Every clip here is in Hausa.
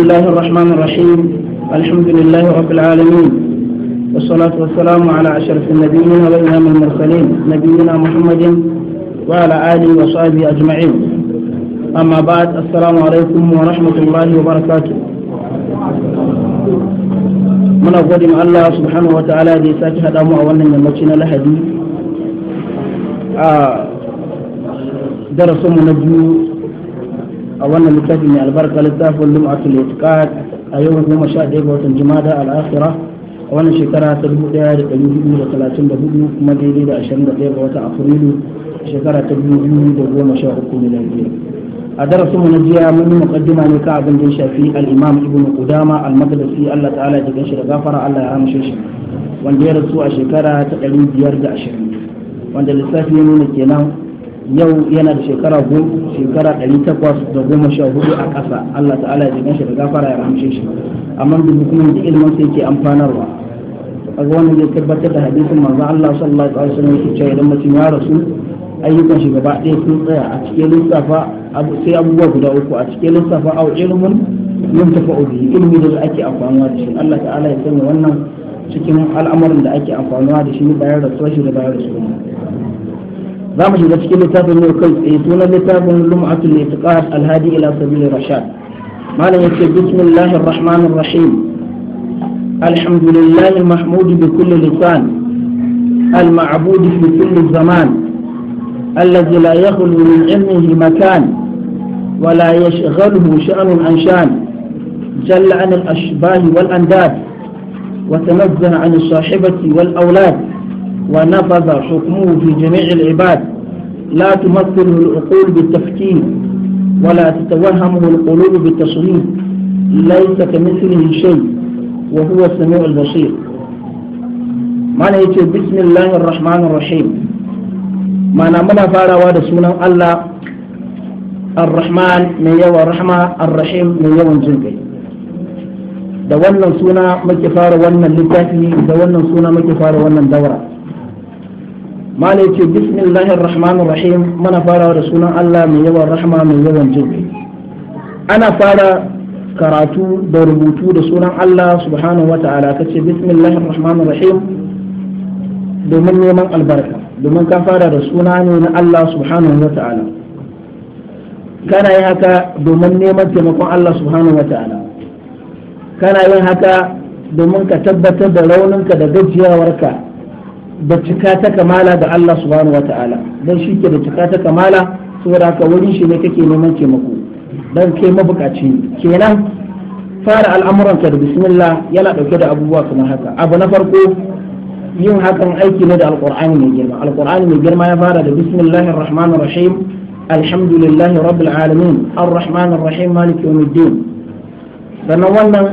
بسم الله الرحمن الرحيم الحمد لله رب العالمين والصلاة والسلام على أشرف النبيين وإمام المرسلين نبينا محمد وعلى آله وصحبه أجمعين أما بعد السلام عليكم ورحمة الله وبركاته من أقدم الله سبحانه وتعالى دي ساكي هذا مؤولا من مجينا آه درس من الجنود a wannan littafi mai albarka littafin lum'atul itiqad a yau goma sha ɗaya ga watan jumada al'akhira a wannan shekara ta dubu ɗaya da ɗari hudu da talatin da hudu kuma daidai da ashirin da ɗaya ga watan afrilu shekara ta dubu biyu da goma sha uku miliyariya a darasinmu na jiya mun yi muqaddima ne ka abin da ya shafi al-imam ibn qudama al-maqdisi Allah ta'ala ya shi da gafara Allah ya hamshe shi wanda ya rasu a shekara ta ɗari biyar da ashirin wanda lissafi ya nuna kenan yau yana da shekara shekara ɗari takwas da goma sha hudu a ƙasa Allah ta'ala ya jikin shi da gafara ya ramshe shi amma da hukumar da ilimin sai ke amfanarwa a ga wannan zai tabbatar da hadisin manzo Allah sallallahu alaihi wasallam yake cewa idan mutum ya rasu ayyukan shi gaba ɗaya sun tsaya a cikin lissafa sai abubuwa guda uku a cikin lissafa au ilimin tafa ubi ilimi da ake amfanuwa da shi Allah ta'ala ya sanya wannan cikin al'amarin da ake amfanuwa da shi bayan rasuwa shi da bayan rasuwa زعما شو ذاك الكتاب ابن القيس ايتونا كتاب لمعة الاعتقاد الهادي الى سبيل الرشاد ما لم بسم الله الرحمن الرحيم الحمد لله المحمود بكل لسان المعبود في كل زمان الذي لا يخلو من علمه مكان ولا يشغله شأن عن شان جل عن الأشباه والأنداد وتنزه عن الصاحبة والأولاد ونفذ حكمه في جميع العباد لا تمثل العقول بالتفكير ولا تتوهمه القلوب بالتصميم ليس كمثله شيء وهو السميع البصير ما نيجي بسم الله الرحمن الرحيم ما نمنا فارا واد الله الرحمن من يو الرحمة الرحيم من يو الجنكي دولنا سونا مكفار ونن لكاتي دولنا سونا مكفار ونن دورة mala yace bismillahir rahmanir rahim muna farawa da sunan Allah mai yawan rahma mai yawan jinkai ana fara karatu da rubutu da sunan Allah subhanahu wa wata'ala kace bismillahir rahmanir rahim domin neman albarka domin ka fara da suna ne na Allah subhanahu wata'ala kana yin haka domin neman taimakon Allah subhanahu wata'ala kana yin haka domin ka tabbatar da rauninka da gajiyawarka da cika ta kamala da Allah subhanahu wa ta'ala dan shi ke da cika ta kamala saboda haka wurin shi ne kake neman taimako dan kai mabukaci kenan fara alamuranta da bismillah yana dauke da abubuwa kamar haka abu na farko yin hakan aiki ne da alqur'ani mai girma alqur'ani mai girma ya fara da bismillahir rahmanir rahim alhamdulillahi rabbil alamin arrahmanir rahim maliki yawmiddin sannan wannan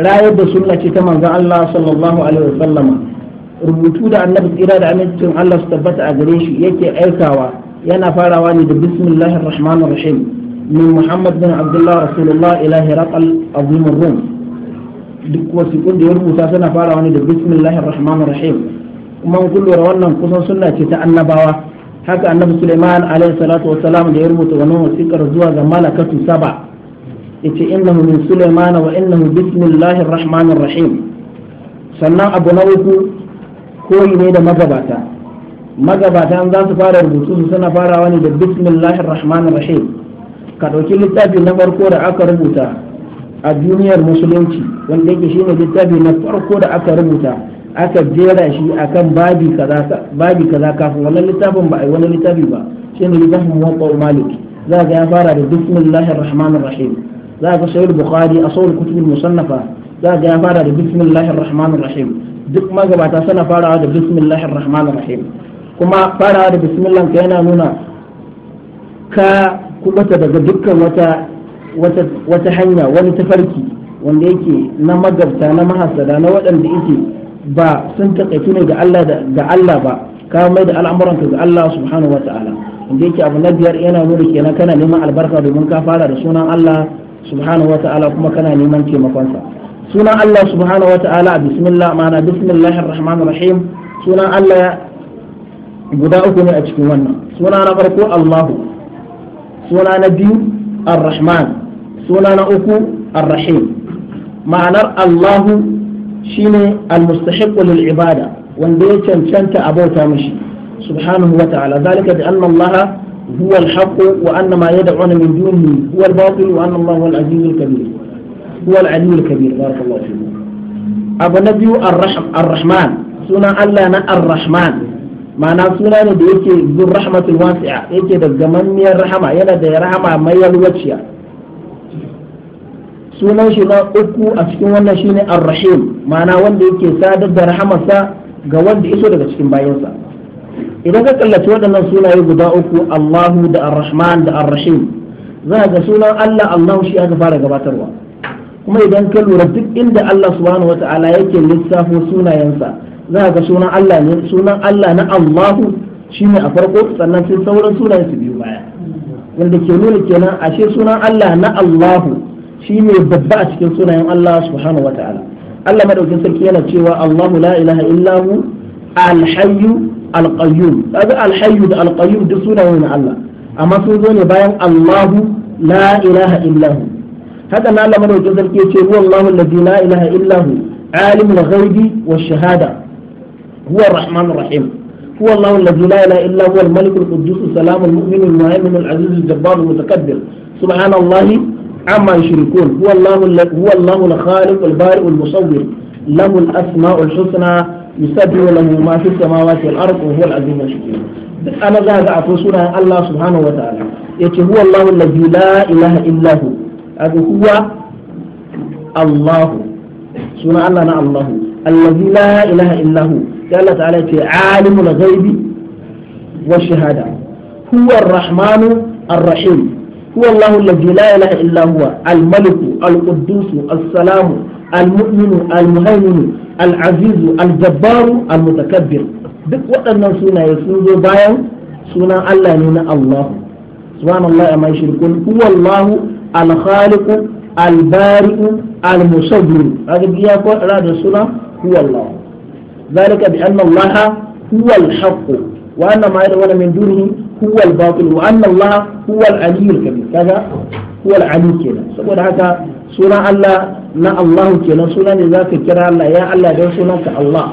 rayar da sunna ce ta manzon Allah sallallahu alaihi wasallama rubutu da annabi tsira da amincin Allah su tabbata a gare shi yake aikawa yana farawa ne da bismillahir rahmanir rahim min muhammad bin abdullah rasulullah ila hiraqal azimur rum duk wasiƙun da ya rubuta suna farawa ne da bismillahir rahmanir rahim kuma kun lura wannan kusan sunna ce ta annabawa haka annabi sulaiman alaihi salatu wassalam da ya rubuta wannan wasiƙar zuwa ga malakatu saba yace innahu min suleiman wa innahu bismillahir rahmanir rahim sannan abu na uku koyi ne da magabata magabata za su fara rubutu su suna farawa ne da bismillahir rahmanir rahim ka ɗauki littafi na farko da aka rubuta a duniyar musulunci wanda yake shine littafi na farko da aka rubuta aka jera shi akan babi kaza babi kaza kafin wannan littafin ba ai wani littafi ba shine littafin muwatta malik za ga ya fara da bismillahir rahmanir rahim za ga sahih bukhari a sahih kutub musannafa za ga ya fara da bismillahir rahmanir rahim duk magabata suna farawa da bismillahir rahmanir rahim kuma farawa da bismillah ka yana nuna ka kubata daga dukkan wata wata hanya wani tafarki wanda yake na magabta na mahasada na waɗanda yake ba sun taƙaitu ne ga Allah ga Allah ba ka mai da al'amuranka ga Allah subhanahu wa wanda yake abu na biyar yana nuna kenan kana neman albarka domin ka fara da sunan Allah subhanahu wa kuma kana neman taimakonsa sunan Allah subhanahu wa ta'ala a bismillah ma'ana bismillahir rahmanir rahim sunan Allah guda uku ne a cikin wannan suna na farko Allahu suna na biyu ar-rahman suna na uku ar-rahim ma'anar Allahu shine al-mustahiq lil ibada wanda ya cancanta a bauta mishi subhanahu wa ta'ala zalika bi anna Allah huwa al-haqq wa anna ma yad'una min dunihi huwa al-batil wa anna Allah huwa al-aziz al-kabir هو العلي الكبير بارك الله فيكم abu na biyu ar-rahman sunan Allah na ar-rahman ma'ana suna ne da yake zur rahmatul wasi'a yake da gamammiyar rahama yana da rahama mai yalwaciya sunan shi na uku a cikin wannan shine ar-rahim ma'ana wanda yake sadar da rahamarsa ga wanda iso daga cikin bayansa idan ka kallaci waɗannan sunaye guda uku Allahu da ar-rahman da ar-rahim za ga sunan Allah Allah shi aka fara gabatarwa kuma idan ka lura duk inda Allah subhanahu wata'ala yake lissafo sunayensa za ga sunan Allah ne sunan Allah na Allahu shine a farko sannan sai sauran sunayen su biyu baya wanda ke nuna kenan ashe sunan Allah na Allahu shine babba a cikin sunayen Allah subhanahu wata'ala Allah madaukin sarki yana cewa Allahu la ilaha illa hu al-hayyu al-qayyum kaga al-hayyu da al-qayyum duk sunayen Allah amma sun zo ne bayan Allahu la ilaha illa hu haka na Allah madaukakin sarki yace huwa Allahu allazi la ilaha illa hu alimul ghaibi wash shahada huwa arrahmanur rahim هو الله الذي لا اله الا هو الملك القدوس السلام المؤمن المهيمن العزيز الجبار المتكبر سبحان الله عما يشركون هو الله هو الله الخالق البارئ المصور له الاسماء الحسنى يسبح له ما في السماوات والارض وهو العزيز الحكيم انا ذا ذا الله سبحانه وتعالى يتي هو الله الذي لا اله الا هو kaga huwa Allah suna Allah na Allah allazi la ilaha illa hu Allah ta'ala ce alimul gaibi wa shahada huwa rahmanu ar-rahim huwa allazi la ilaha illa al maliku al-quddus as-salam al mu'minu al-muhaymin al azizu al jabbaru al-mutakabbir duk waɗannan sunaye sun zo bayan sunan Allah ne na Allah subhanallahi amma shirkun huwa Allah al-khaliqu al-bari'u al-musawwir kaga biya ko Allah da suna huwa Allah zalika bi anna Allah huwa al-haqq wa anna ma yad'una min dunihi huwa al wa anna Allah huwa al-aliy al-kabir kaga huwa al-aliy kenan saboda haka sunan Allah na Allah kenan suna ne zaka kira Allah ya Allah dan sunanka Allah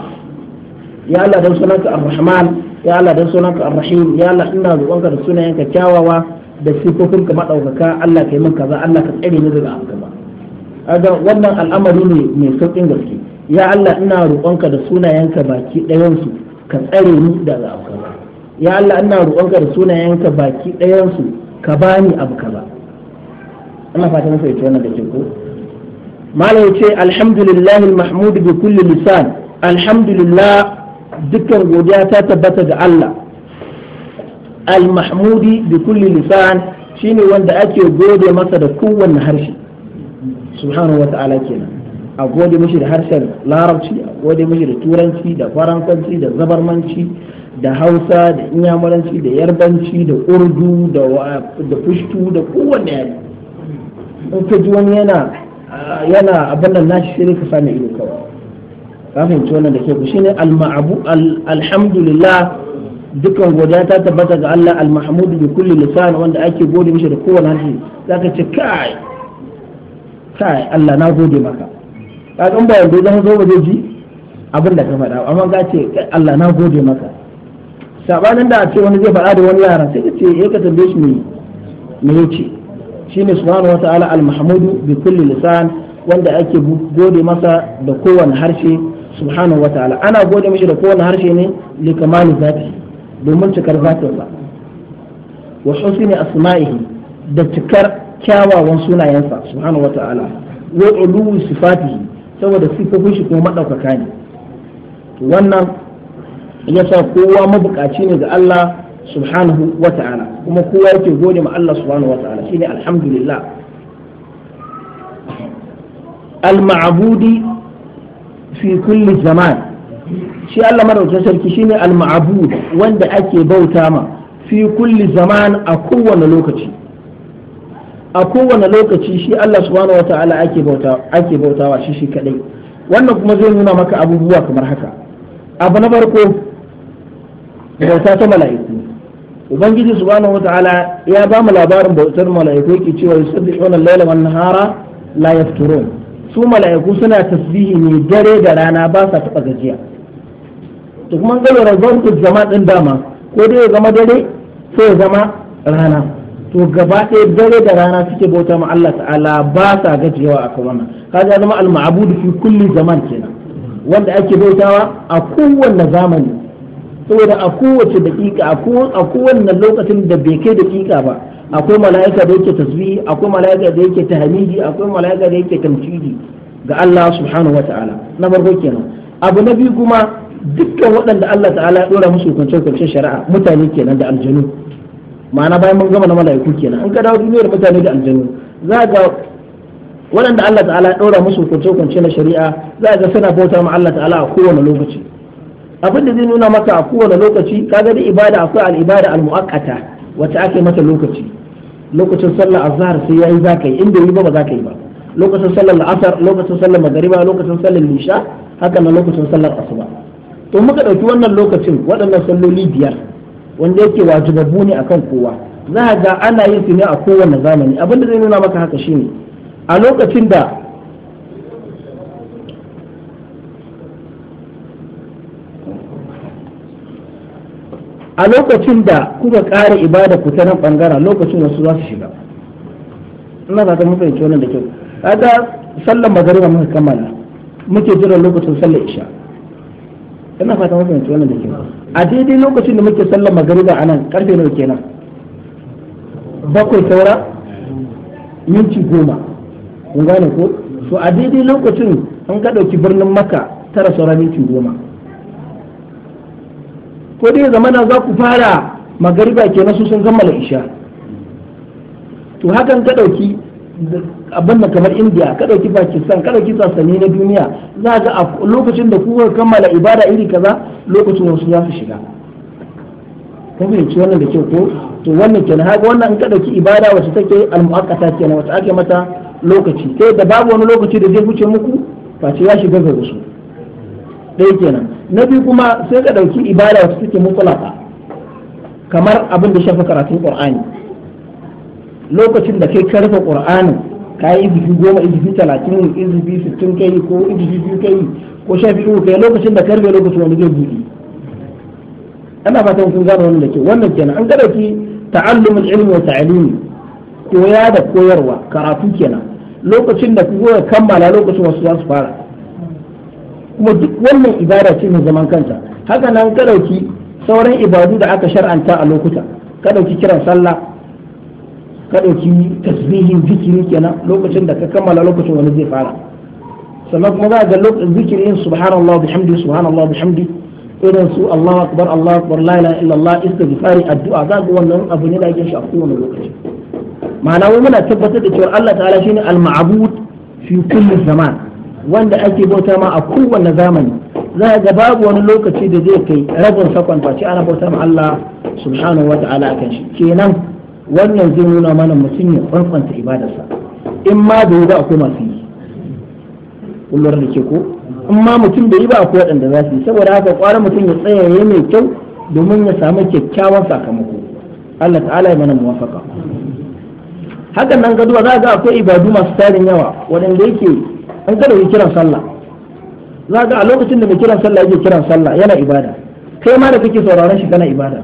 ya Allah dan sunanka Ar-Rahman ya Allah dan sunanka Ar-Rahim ya Allah ina roƙonka da sunayenka kyawawa da sifofin ka madaukaka Allah kai min kaza Allah ka tsare ni daga abu kaza wannan al'amari ne mai saukin gaske ya Allah ina roƙonka da sunayenka baki ɗayan su ka tsare ni daga abu kaza ya Allah ina roƙonka da sunayenka baki ɗayan su ka bani abu kaza ana fata na fahimci wannan da ke ko malam ce alhamdulillahi mahmud bi kulli lisan alhamdulillah dukkan godiya ta tabbata ga Allah al-mahmudi bi kulli lisan shine wanda ake gode masa da kowanne harshe subhanahu wa ta'ala kenan a gode mishi da harshen larabci a gode mishi da turanci da faransanci da zabarmanci da hausa da inyamuranci da yarbanci da urdu da fushtu da kowanne yare in ka ji wani yana yana abin nashi shirin ka sami ido kawai ka fahimci wannan da ke ku shine al alhamdulillah dukkan godiya ta tabbata ga Allah al-mahmudu bi kulli lisan wanda ake gode mishi da kowane harshe zaka ce kai kai Allah na gode maka kaga in ba yanzu zan zo ba zai ji abin da ka faɗa amma ka ce Allah na gode maka sabanin da a ce wani zai faɗa da wani yaran sai ka ce ya ka tambaye shi me me yace shine subhanahu wataala al-mahmudu bi kulli lisan wanda ake gode masa da kowane harshe subhanahu wataala ana gode mishi da kowane harshe ne likamani zati domin cikar zatinsa wa husni asma'ihi da cikar kyawawan sunayensa subhanahu wata'ala wa uluwi sifatihi saboda sifofin shi kuma madaukaka ne wannan yasa kowa mabukaci ne ga Allah subhanahu wata'ala kuma kowa yake gode ma Allah subhanahu wata'ala shine alhamdulillah al-ma'budi fi kulli zaman shi Allah madaukakin sarki shine al-ma'bud wanda ake bauta ma fi kulli zaman a kowane lokaci a kowane lokaci shi Allah subhanahu wata'ala ake bauta ake bautawa shi shi kadai wannan kuma zai nuna maka abubuwa kamar haka abu na farko bauta ta mala'iku ubangiji subhanahu wata'ala ya ba mu labarin bautar mala'iku yake cewa yusabbihuna al-laila wan nahara la yafturun su mala'iku suna tasbihi ne dare da rana ba sa taba gajiya to kuma ga rabar zama din dama ko dai ya zama dare sai ya zama rana to gaba ɗaya dare da rana suke bauta ma Allah ta'ala ba sa gajiyawa a kan wannan kaga zama al mabud fi kulli zaman kenan wanda ake bautawa a kowanne zamani saboda a kowace daƙiƙa a kowanne lokacin da bai kai daƙiƙa ba akwai mala'ika da yake tasbihi akwai mala'ika da yake tahmidi akwai mala'ika da yake tamjidi ga Allah subhanahu wata'ala na farko kenan abu na biyu kuma dukkan waɗanda Allah ta'ala ya ɗora musu hukunce hukuncen shari'a mutane kenan da aljanu ma'ana bayan mun gama na mala'iku kenan an ka dawo duniyar mutane da aljanu za ga waɗanda Allah ta'ala ya ɗora musu hukunce hukunce na shari'a za ga suna bauta ma Allah ta'ala a kowane lokaci abin da zai nuna maka a kowane lokaci kaga da ibada akwai al'ibada al-mu'akkata wacce ake mata lokaci lokacin sallar azhar sai yayi za ka yi inda yi ba ba za ka yi ba lokacin sallar asar lokacin sallar magariba lokacin sallar nisha haka na lokacin sallar asuba to muka ɗauki wannan lokacin waɗannan salloli biyar wanda yake wajibabu ne akan kowa za a ga ana yin su ne a kowane zamani abin da zai nuna maka haka shine a lokacin da a lokacin da kuka ƙara ibada ku ta nan ɓangaren lokacin wasu za su shiga ina za ta mafi wannan da kyau kaga sallar magariba muka kammala muke jiran lokacin sallar isha ina fata mun fahimci wannan da ke a daidai lokacin da muke sallar magariba a nan karfe nawa kenan bakwai saura minti goma kun gane ko to a daidai lokacin an ga ɗauki birnin maka tara saura minti goma ko dai zamana za ku fara magariba kenan su sun gama isha to hakan ka ɗauki abin da kamar india ka ɗauki pakistan kada ki sassani na duniya za ga a lokacin da kuka kammala ibada iri kaza lokacin wasu za su shiga kun fahimci wannan da kyau ko to wannan na haka wannan kada ki ibada wacce take almu'akkata na wacce ake mata lokaci sai da babu wani lokaci da zai wuce muku face ya shiga ga wasu kenan na biyu kuma sai ka ɗauki ibada wacce take mutlaka kamar abin da shafa karatun qur'ani lokacin da kai karfe rufe qur'ani ka yi izifi goma izifi talatin izifi sittin kai ko izifi biyu kai ko sha biyu kai lokacin da karfe lokacin wani zai buɗe ana fatan kun gane wannan da ke wannan kenan an gada ki ta'allumul ilmi wa ta'alimi koya da koyarwa karatu kenan lokacin da ku goya kammala lokacin wasu za su fara kuma duk wannan ibada ce mai zaman kanta haka nan kadauki sauran ibadu da aka shar'anta a lokuta kadauki kiran sallah ka ɗauki tasbihin zikiri kenan lokacin da ka kammala lokacin wani zai fara sannan kuma za ga lokacin zikirin subhanallah bihamdi subhanallah bihamdi irin su Allahu akbar Allahu akbar la ilaha illallah istighfari addu'a za ga wannan abu ne da ake shi a kowane lokaci ma'ana mu muna tabbatar da cewa Allah ta'ala shine al-ma'bud fi kulli zaman wanda ake bauta ma a kowane zamani za ga babu wani lokaci da zai kai rabin sakon face ana bauta ma Allah subhanahu wa ta'ala akan shi kenan wannan zai nuna mana mutum ya kwanfanta ibadarsa in ma da yi ba akwai masu yi kullum da ke ko in ma mutum da yi ba akwai waɗanda za su yi saboda haka kwara mutum ya tsayaye mai kyau domin ya samu kyakkyawan sakamako Allah ta'ala ya mana muwafaka hakan nan gaduwa za ga akwai ibadu masu tarin yawa waɗanda yake an kada yi kiran sallah za ga a lokacin da mai kiran sallah yake kiran sallah yana ibada kai ma da kake sauraron shi kana ibada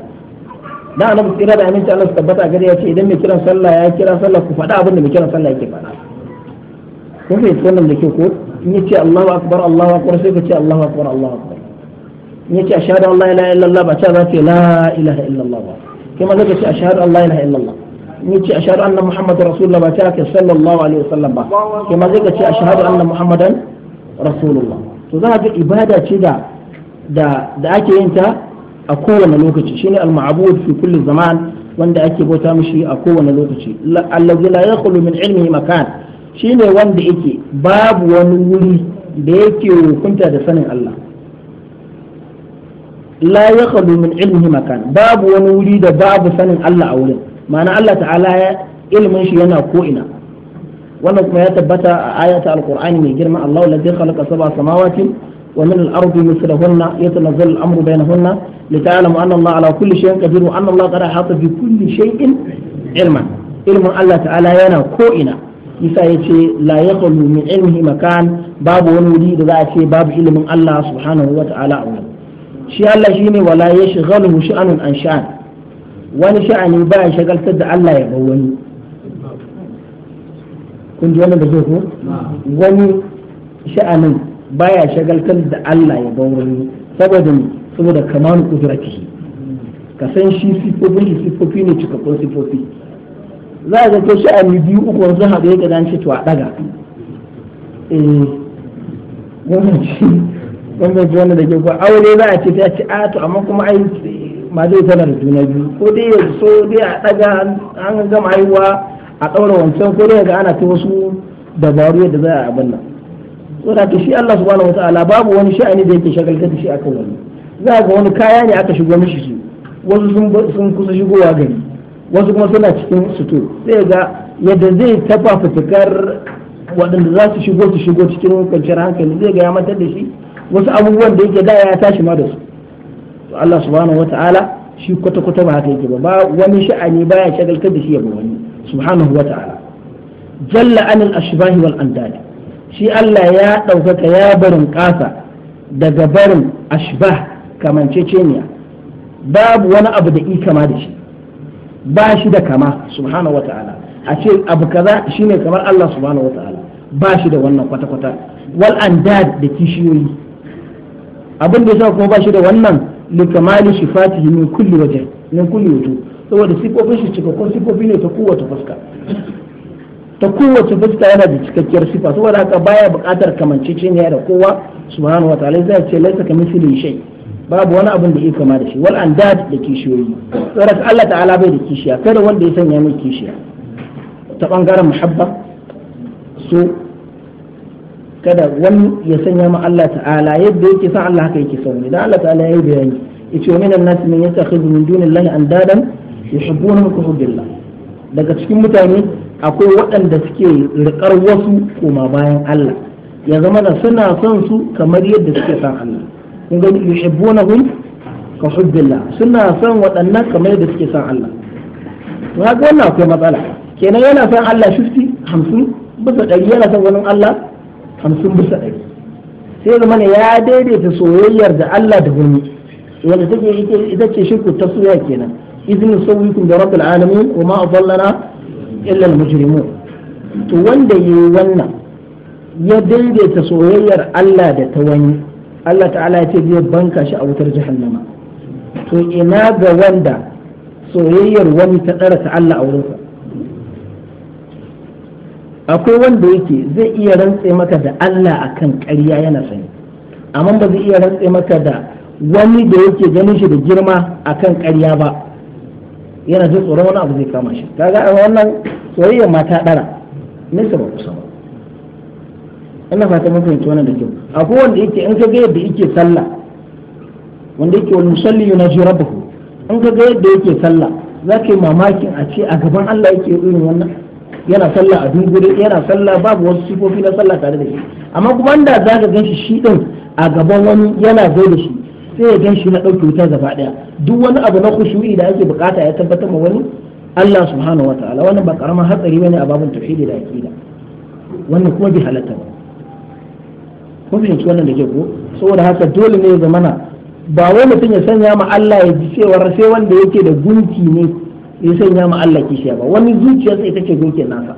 da annabi tsira da aminci Allah su tabbata gare ya ce idan mai kiran sallah ya kira sallah ku faɗa abin da mai kiran sallah yake faɗa ko kai wannan da ke ko in ce Allahu akbar Allahu akbar sai ka ce Allahu akbar Allahu akbar in ce ashhadu an la ilaha illallah ba ta za ce la ilaha illallah ba kai ma zaka ce ashhadu an la ilaha illallah in yace ashhadu anna muhammadar rasulullah ba ta ce sallallahu alaihi wasallam ba kai ma zaka ce ashhadu anna muhammadan rasulullah to za ga ibada ce da da ake yin ta a kowane lokaci shine al-ma'bud fi kulli zaman wanda ake bauta mishi a kowane lokaci allazi la yakhlu min makan shine wanda yake babu wani wuri da yake hukunta da sanin Allah la yakhlu min ilmi makan babu wani wuri da babu sanin Allah a wurin ma'ana Allah ta'ala ilmin shi yana ko ina wannan kuma ya tabbata a ayata alqur'ani mai girma Allah ladzi khalaqa sab'a samawati ومن الأرض مثلهن يتنزل الأمر بينهن لتعلموا أن الله على كل شيء قدير وأن الله قد أحاط بكل شيء علما علم الله تعالى ينا كوئنا isa ya ce la ya min ilmihi makan babu wani wuri da za ce babu ilimin Allah subhanahu wa ta'ala a shi Allah shine ne wala ya shighalu sha'anun an sha'an wani sha'ani ba shagaltar da Allah ya bar wani wani sha'anin baya shagaltar da Allah ya ba wani saboda saboda kamar kudratihi ka san shi sifofin shi sifofi ne cikakkun sifofi za a zato biyu uku wanzu haɗu yake dan shi to a ɗaga eh wannan shi wannan ji wannan da ke ko aure za a ce ta ce a ah, to amma kuma ai ma zai tana da juna biyu ko dai ya so dai a ɗaga an gama haihuwa a ɗaura wancan ko dai ga ana ta wasu dabaru yadda za a abin nan saboda to shi Allah subhanahu ta'ala babu wani sha'ani da yake shagaltar da shi akan wani za ga wani kaya ne aka shigo mishi shi wasu sun kusa shigowa gari wasu kuma suna cikin suto sai ga yadda zai tafa fitikar waɗanda za su shigo su shigo cikin kwanciyar hankali zai ga ya matar da shi wasu abubuwan da yake da ya tashi ma da su to Allah subhanahu ta'ala shi kwata kwata ba haka yake ba ba wani sha'ani baya shagaltar da shi ya ba wani subhanahu ta'ala jalla anil ashbahi wal andad shi Allah ya ɗaukaka ya barin ƙasa daga barin ashbah kamanceceniya babu wani abu da ikama da shi ba shi da kama subhanahu wa ta'ala a ce abu kaza shine kamar Allah subhanahu wa ta'ala ba shi da wannan kwata-kwata wal andad da kishiyoyi abin da yasa kuma ba shi da wannan likamali sifatihi min kulli wajh min kulli wujuh saboda sifofin shi cikakkun sifofi ne ta kowace fuska ta kowace fuska yana da cikakkiyar sifa saboda haka baya buƙatar kamanceceniya da kowa subhanahu wataala zai ce laisa kamithlihi shay babu wani abin da ya kama da shi wal andad da kishiyoyi saboda Allah ta'ala bai da kishiya kada wanda ya sanya mai kishiya ta bangaren muhabba so kada wani ya sanya ma Allah ta'ala yadda yake san Allah haka yake son idan Allah ta'ala ya yi bayani yace wa minan nas man yattakhidhu min dunillahi andadan yuhibbunahum ka hubbillah daga cikin mutane akwai waɗanda suke riƙar wasu koma bayan Allah ya zama da suna son su kamar yadda suke son Allah kun yuhibbuna hum ka hubbillah suna son waɗannan kamar yadda suke son Allah to haka wannan akwai matsala kenan yana son Allah 50 50 bisa ɗari yana son wani Allah 50 bisa ɗari sai zama ne ya daidaita soyayyar da Allah da wani wanda take ita ce shirku soyayya kenan izinin sauyikum da rabbul alamin wa ma adallana illa al to wanda yi wannan ya daidaita soyayyar Allah da ta wani Allah ta'ala ya ce zai banka shi a wutar jahannama to ina ga wanda soyayyar wani ta tsara ta Allah a wurinsa akwai wanda yake zai iya rantse maka da Allah akan ƙarya yana sani amma ba zai iya rantse maka da wani da yake ganin shi da girma akan ƙarya ba yana jin tsoron wani abu zai kama shi kaga a wannan soyayya mata dara nesa ba kusa ba ina fata mun fahimci wannan da kyau a wanda yake in kaga yadda yake sallah wanda yake wani musalli yunaji rabbahu in kaga yadda yake sallah ka yi mamakin a ce a gaban Allah yake irin wannan yana sallah a dungure yana sallah babu wasu sifofi na sallah tare da shi amma kuma inda ka gan shi shi din a gaban wani yana zai da shi sai ya gan shi na ɗauke wuta gaba ɗaya duk wani abu na kushuri da ake bukata ya tabbatar ma wani Allah subhanahu wa ta'ala wannan ba karaman hatsari bane a babun tauhidi da aqida wannan kuma bi halatta ba ko fahimci wannan da ke ko saboda haka dole ne ya zamana ba wai mutum ya sanya ma Allah ya ji cewa sai wanda yake da gunki ne ya sanya ma Allah kishiya ba wani zuciyarsa ita ce gunkin nasa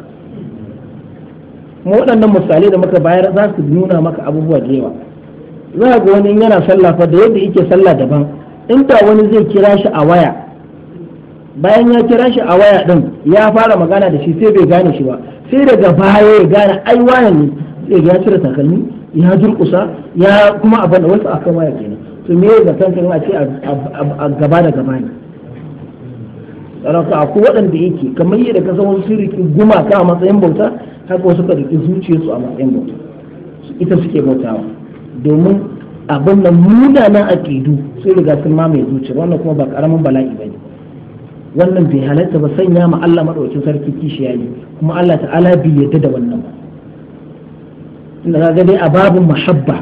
mu waɗannan misalai da muka bayar za su nuna maka abubuwa da yawa za ga wani yana sallah fa da yadda yake sallah daban in ta wani zai kira shi a waya bayan ya kira shi a waya din ya fara magana da shi sai bai gane shi ba sai daga baya ya gane ai wayan ne sai ya cire takalmi ya durkusa ya kuma abin da wasu akan waya kenan to me yadda kan kan a ce a gaba da gaba ne ka a waɗanda yake kamar yadda ka san wasu sun riƙi gumaka a matsayin bauta haka wasu ka riƙi zuciyarsu a matsayin bauta ita suke bautawa domin abin da nan munanan aƙidu sun riga sun mamaye zuciya wannan kuma ba karamin bala'i ba ne wannan bai halatta ba sanya ma Allah maɗaukin sarki kishiya ne kuma Allah ta'ala bai yarda da wannan ba inda kaga dai a babin mahabba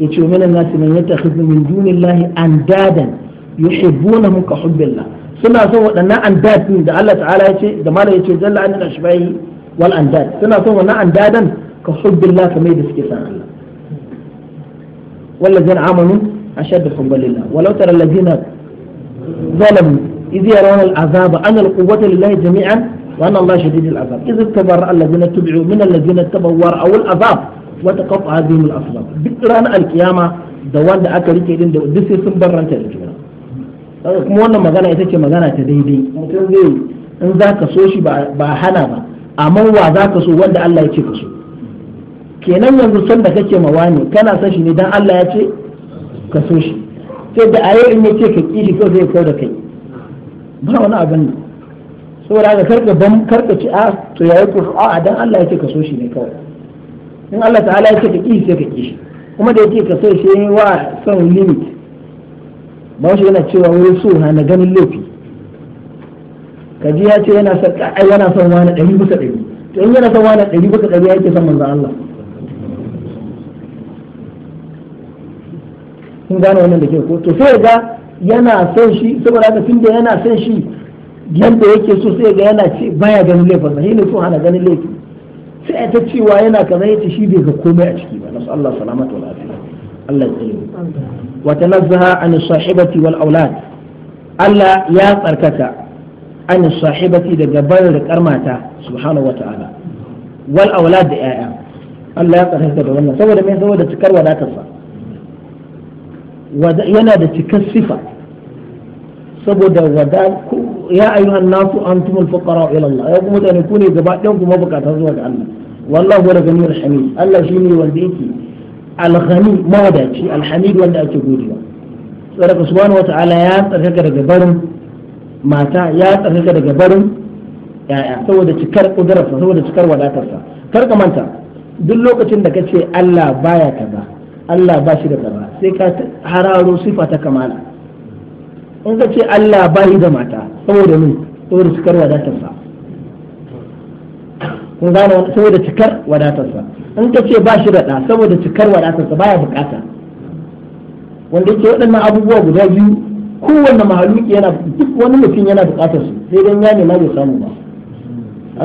yace min an-nasi man yattakhidhu min dunillahi andadan mun ka hubbillah suna son waɗannan andad din da Allah ta'ala ya ce da mala yace jalla anil ashbahi wal andad suna son wannan andadan ka hubbillah kamar da suke san Allah والذين آمنوا أشد حبا لله ولو ترى الذين ظلموا إذ يرون العذاب أن القوة لله جميعا وأن الله شديد العذاب إذ تبرأ الذين اتبعوا من الذين اتبعوا ورأوا العذاب وتقطع بهم الأسباب ذكران القيامة da wanda aka rike din da duk sai sun barranta da juna kuma wannan magana ita ce magana ta daidai mutum zai in za ka so shi ba hana ba amma wa za ka so wanda Allah ya ce ka so kenan yanzu son da kake ma wani kana son shi ne dan Allah ya ce ka so shi sai da ayo in yace ka kishi ko zai kawo da kai ba wani abin ne saboda haka karka ban karka ci a ah, to yayi ku a dan Allah ya ce ka so shi ne kawai in Allah ta'ala ya ce ka kishi sai ka kishi kuma da yake ka so shi wa son limit ba shi yana cewa wai so na ganin laifi kaji ya ce yana son wani ɗari bisa ɗari to in yana son wani ɗari bisa ɗari yake son manzo Allah kun gane wannan da ke ko to sai ga yana son shi saboda haka tunda yana son shi yadda yake so sai ga yana ce baya ganin laifin sa ne so hana ganin laifi sai ta cewa yana kaza yace shi bai ga komai a ciki ba nasu Allah salamatu wa lafiya Allah ya tsare wa tanazzaha an sahibati wal aulad Allah ya tsarkaka an sahibati daga barin rikar mata subhanahu wa ta'ala wal aulad da 'ya'ya Allah ya tsarkaka da wannan saboda me saboda cikar wadatarsa yana da cikar sifa saboda wada ya ayyuhan nasu antumul fuqara ila Allah ya kuma mutane ku ne gaba ɗayan kuma bukatan zuwa ga Allah wallahu la ganiyul hamid Allah shine wanda yake alghani mawadaci alhamid wanda ake godewa saboda subhanahu wataala ya tsarkaka daga barin mata ya tsarkaka daga barin yaya saboda cikar kudararsa saboda cikar wadatarsa kar ka manta duk lokacin da kace Allah baya kaza Allah ba shi da gaba sai ka hararo sifa ta kamala in ka ce Allah ba shi da mata saboda mu saboda cikar wadatarsa kun gane saboda cikar wadatarsa in ka ce ba shi da ɗa saboda cikar wadatarsa baya bukata wanda yake waɗannan abubuwa guda biyu kowanne mahaluki yana duk wani mutum yana bukatar su sai dan ya nema bai samu ba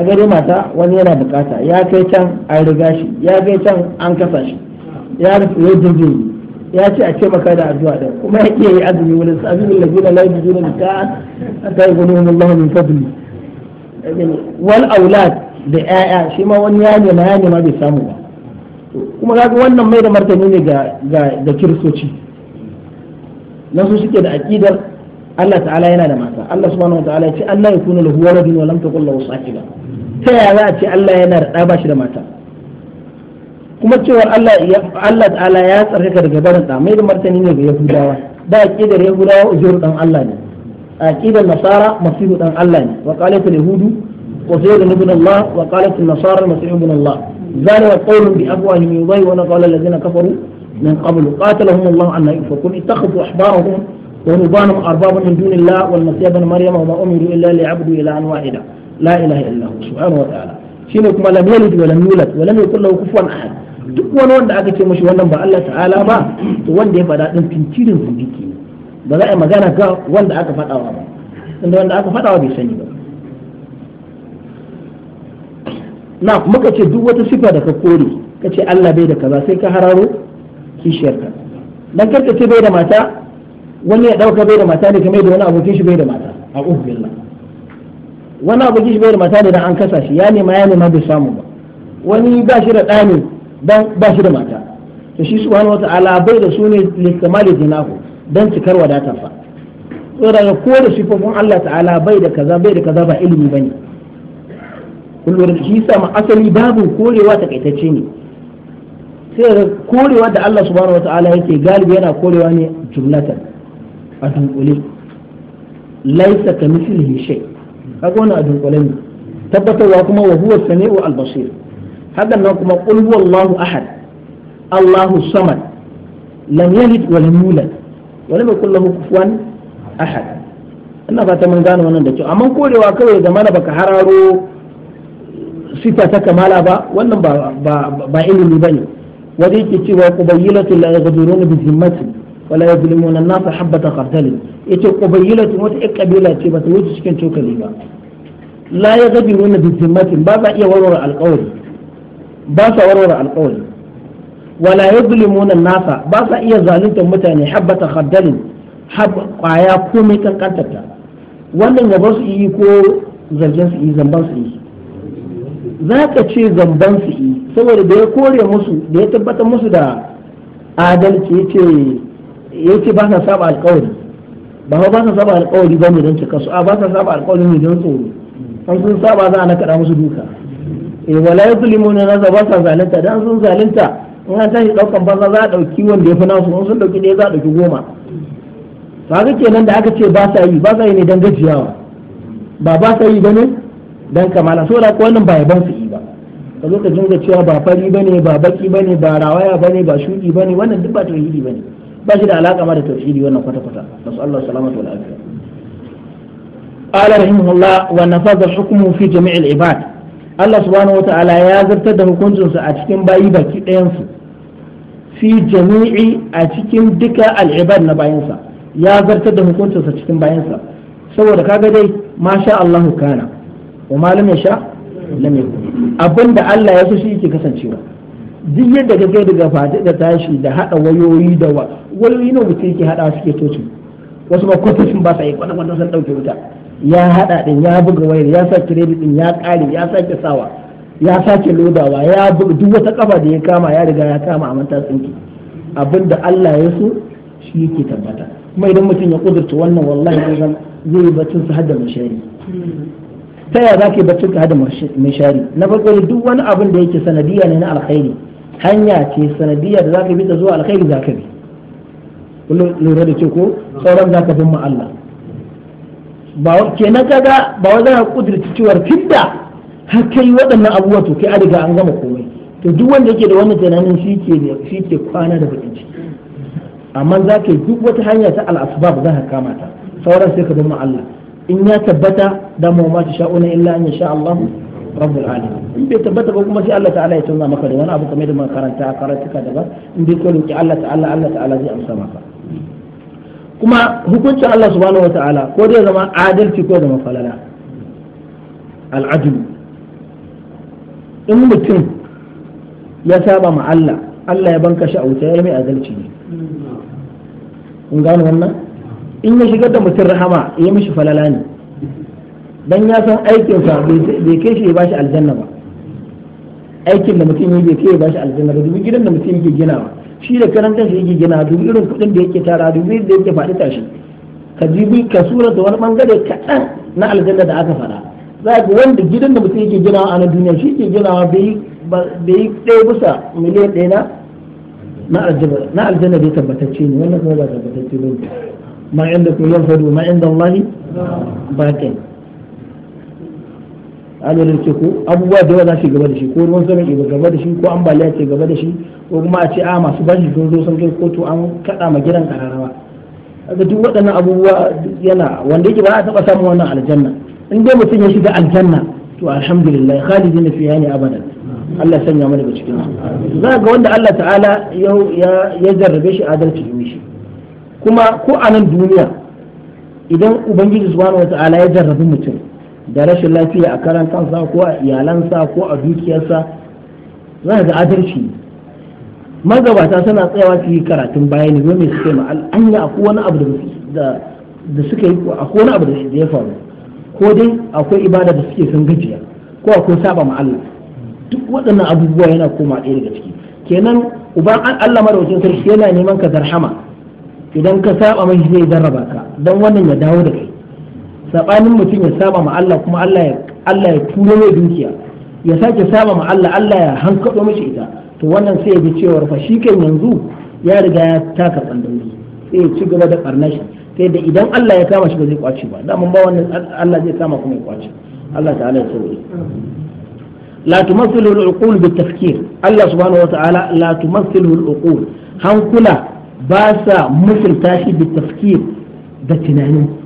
a gare mata wani yana bukata ya kai can an riga shi ya kai can an kasa shi ya rufe yadda zai yi ya ce a ce maka da addu'a da kuma ya ke yi azumi wani sabirin da gina laifin gina da ta a ta yi gani wani Allah min fadli wal aulad da ƴaƴa shi ma wani ya nema ya nema bai samu ba kuma ga wannan mai da martani ne ga ga kiristoci na su suke da aqidar Allah ta'ala yana da mata Allah subhanahu wa ta'ala ya ce Allah ya kuna lahu waladun wa lam wasu lahu sahiba ta yaya za a ce Allah yana da ɗa ba shi da mata kuma cewar Allah Allah ta'ala ya tsarkaka daga barin da mai da martani ne ga Yahudawa da aqidar Yahudawa uzur dan Allah ne aqidar Nasara masihu dan Allah ne wa qalat al-yahudu وزير ابن الله وقالت النصارى المسيح ابن الله ذلك قول بأفواههم يضيئون قال الذين كفروا من قبل قاتلهم الله أن يؤفكون اتخذوا أحبارهم ورهبانهم أربابا من دون الله والمسيح ابن مريم وما أمروا إلا ليعبدوا الى ان واحده لا إله إلا هو سبحانه وتعالى شنو ما لم يلد ولم يولد ولم يكن له كفوا أحد duk wani wanda aka ce mashi wannan ba Allah ta'ala ba to wanda ya faɗa ɗin tinkirin zindiki ne ba za a yi magana ga wanda aka faɗawa ba inda wanda aka faɗawa bai sani ba na muka ce duk wata sifa da ka kore ka ce Allah bai da kaza sai ka hararo kishiyarka dan karka ce bai da mata wani ya dauka bai da mata ne kamar da wani abokin shi bai da mata a la wani abokin shi bai da mata ne dan an kasa shi ya nema ya nema bai samu ba wani ba shi da ɗani dan ba shi da mata to shi subhanahu wata'ala bai da su ne likamali jinahu dan cikar wadata fa to daga ko da sifofin Allah ta'ala bai da kaza bai da kaza ba ilimi bane da shi yasa ma asali babu korewa takaitacce ne sai da korewa da Allah subhanahu wata'ala yake galibi yana korewa ne jumlatan a dunkule laisa ka mislihi shay kaga a dunkule ne tabbatarwa kuma wa huwa samiu al-basir hakan nan kuma qul huwallahu ahad Allahu samad lam yalid wa lam yulad wa lam yakul lahu kufuwan ahad ina fata mun gane wannan da kyau amma korewa kawai zamana baka hararo sifa ta kamala ba wannan ba ba ilimi bane wanda yake cewa qubayilatu la yaghduruna bi zimmati wa la yuzlimuna an-nasa habatan khardal yace qubayilatu wata kabila ce ba ta wuce cikin cokali ba la yaghduruna bi zimmati ba za iya warware alƙawari ba sa warware alƙawari wala yuzlimuna nasa ba sa iya zalunta mutane habbata khaddalin hab kwaya komai mai ta wannan yabo su yi ko zargin su yi zamban su yi za ka ce zamban su yi saboda da ya kore musu da ya tabbatar musu da adalci yace yace ba sa saba alƙawari ba ba sa saba alƙawari ba ne don cika su a ba sa saba alƙawari ne don tsoro an sun saba za a nakaɗa musu duka e wala ne na zaba sa zalunta dan sun zalunta in an tashi daukan banza za a dauki wanda ya fi nasu in sun dauki ɗaya za a dauki goma to ga kenan da aka ce ba sa yi ba sa yi ne dan gajiyawa ba ba sa yi bane dan kamala so da wannan ba ya ban su yi ba ka zo ka dinga cewa ba fari bane ba baki bane ba rawaya bane ba shuki bane wannan duk ba tauhidi bane ba shi da alaka ma da tauhidi wannan kwata kwata nasu Allah salamatu wa afiya qala rahimahullah wa nafaza hukmu fi jami'il ibad. Allah subhanahu wata'ala ya zartar da hukuncinsa a cikin bayi baki ɗayansu fi jami'i a cikin duka al'ibad na bayansa ya zartar da hukuncinsa cikin bayansa saboda kaga dai masha Allahu kana wa ma lam yasha lam yakun abinda Allah ya so shi yake kasancewa duk yadda kaga daga fadi da tashi da hada wayoyi da wa wayoyi ne mutum yake hada suke toci wasu ba kwatafin ba yi kwata sun dauke wuta ya hada din ya buga wayar ya sa credit din ya kare ya sake sawa ya sake lodawa ya buga duk wata kafa da ya kama ya riga ya kama a manta tsinki abinda Allah ya so shi yake tabbata kuma idan mutum ya kudurta wannan wallahi zai zai bacin su hadda mashari ta ya zaka bacin ka hadda mashari na farko duk wani abin da yake sanadiyya ne na alkhairi hanya ce sanadiyya da zaka bi ta zuwa alkhairi zaka bi kullum lura da ce ko sauran zaka bin ma Allah kena na kaga ba wa zaka kudurci cewar fidda har kai waɗannan abubuwa to kai an riga an gama komai to duk wanda yake da wannan tunanin shi ke shi ke kwana da bakin ciki amma za ka duk wata hanya ta al'asbab za ka kama ta sauran sai ka bar ma Allah in ya tabbata da mu ma sha'una illa an sha Allah rabbul alamin in bai tabbata ba kuma sai Allah ta'ala ya tunza maka da wani abu kamar da makaranta a karantuka daban in bai kullu ki Allah ta'ala Allah ta'ala zai amsa maka kuma hukuncin Allah subhanahu ta'ala ko zai zama adalci ko zama falala al'adul in mutum ya saba ma Allah Allah ya banka shi a wuta ya mai adalci ne kun gano wannan in ya shigar da mutum rahama ya mishi falala ne dan ya san aikinsa bai kai shi ya bashi aljanna ba aikin da mutum ya bai kai ya bashi aljanna ba domin gidan da mutum gina ba. shi da karan kansa yake gina dubu irin kuɗin da yake tara irin da yake faɗi tashi ka jibi ka surata wani bangare kaɗan na aljanna da aka faɗa za ka wanda gidan da mutum yake ginawa a na duniya shi ke ginawa bai yi ɗaya bisa miliyan ɗaya na na aljanna dai tabbatacce ne wannan kuma ba tabbatacce ba ne ma inda ku yanfadu ma inda Allah ba kai alolin ce ko abubuwa da yawa za su gaba da shi ko ruwan sama ke gaba da shi ko ambaliya ke gaba da shi ko kuma a ce a ah, masu bashi sun zo sun kai kotu an kada ma gidan kararrawa kaga duk waɗannan abubuwa yana wanda yake ba a taɓa samun wannan aljanna in dai mutum ya shiga aljanna to alhamdulillah na fiya ne abadan Allah sanya mana daga cikin su za ga wanda Allah ta'ala ya jarrabe shi adalci ne shi kuma ko a nan duniya idan ubangiji subhanahu wa ta'ala ya jarrabi mutum da rashin lafiya a karan kansa ko a iyalansa ko a dukiyarsa za ga adalci magabata suna tsayawa su yi karatun bayani wani akwai wani abu da suka yi akwai wani abu da ya faru ko dai akwai ibada da suke sun gajiya ko akwai saba ma duk waɗannan abubuwa yana koma ɗaya daga ciki kenan uban Allah madaukakin sarki yana neman ka zarhama idan ka saba mai zai darraba ka don wannan ya dawo da kai sabanin mutum ya saba ma Allah kuma Allah ya Allah ya turo mai dukiya ya sake saba ma Allah Allah ya hankado mishi ita to wannan sai ya ji cewar fa shi kan yanzu ya riga ya taka tsandauri sai ya ci gaba da barna sai da idan Allah ya kama shi ba zai kwace ba da mun ba wannan Allah zai kama kuma ya kwace Allah ta'ala ya sauke la tumathilu al-uqul bit-tafkir Allah subhanahu wa ta'ala la tumathilu al-uqul hankula ba sa musulta shi bit-tafkir da tunani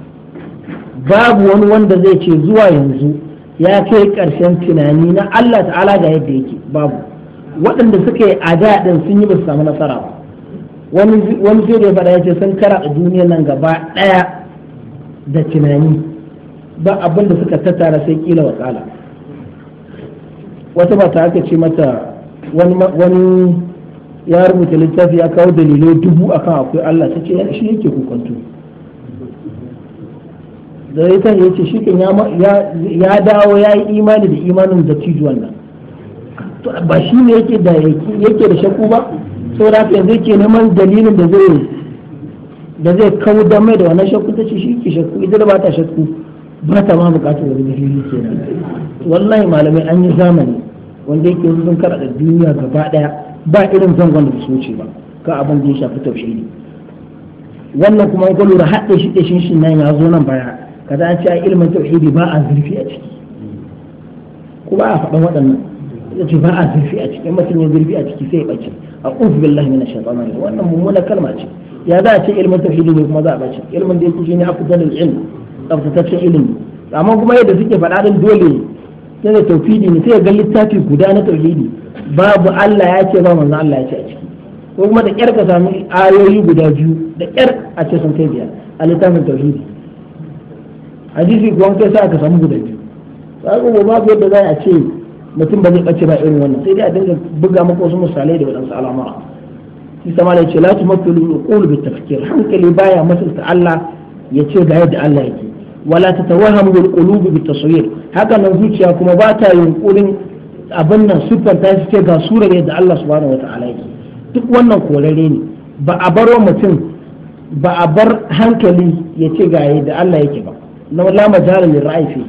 babu wani wanda zai ce zuwa yanzu ya kai ƙarshen tunani na Allah ta'ala ga yadda yake babu waɗanda suka yi a da ɗin sun yi ba su samu nasara ba wani sai da faɗa ya ce sun kara a duniya nan gaba ɗaya da tunani ba abin da suka tattara sai kila wa tsala wata mata aka ce mata wani ya rubuta littafi ya kawo dalilai dubu akan akwai Allah ta ce shi yake hukuntu zaitan ya ce shi kan ya dawo ya yi imani da imanin da cijuwan nan ba shi ne yake da yake da shakku ba saboda haka yanzu yake neman dalilin da zai da zai kawo da mai da wannan shakku ta ce shi ke shakku idan ba ta shakku ba ta ma bukatar wani dalili kenan wallahi malamai an yi zamani wanda yake sun karada duniya gaba daya ba irin zangon da su wuce ba ka abin da ya shafi ne wannan kuma ya da haɗe shi ke shi nan ya zo nan baya kaza an ce a ilmin tauhidi ba a zurfi a ciki ko ba a faɗan waɗannan ya ce ba a zurfi a ciki mutum ya zurfi a ciki sai ya ɓace a ƙufi billahi mina shaitana ne wannan mummuna kalma ce ya za a ce ilmin tauhidi ne kuma za a ɓace ilmin da yake shine afdalul ilm tsaftataccen ilimi amma kuma yadda suke faɗa din dole sai da tauhidi ne sai ya ga littafi guda na tauhidi babu Allah ya ce ba manzo Allah ya ce a ciki ko kuma da kyar ka sami ayoyi guda biyu da kyar a ce sun kai biyar a littafin tauhidi hadisi kuwa kai sa ka samu guda biyu sai ko babu yadda za a ce mutum ba zai bace ba irin wannan sai dai a dinga buga maka wasu misalai da wadansu al'amura shi sama ne ce la tumathilu al bi tafkir hankali baya misalta Allah ya ce ga yadda Allah yake wala tatawahamu al-qulub bi taswir haka nan zuciya kuma ba ta yunkurin abin nan siffar ta ce ga surar yadda Allah subhanahu wata'ala yake duk wannan korare ne ba a baro mutum ba a bar hankali ya ce ga yadda Allah yake ba na la majalan lil ra'i fi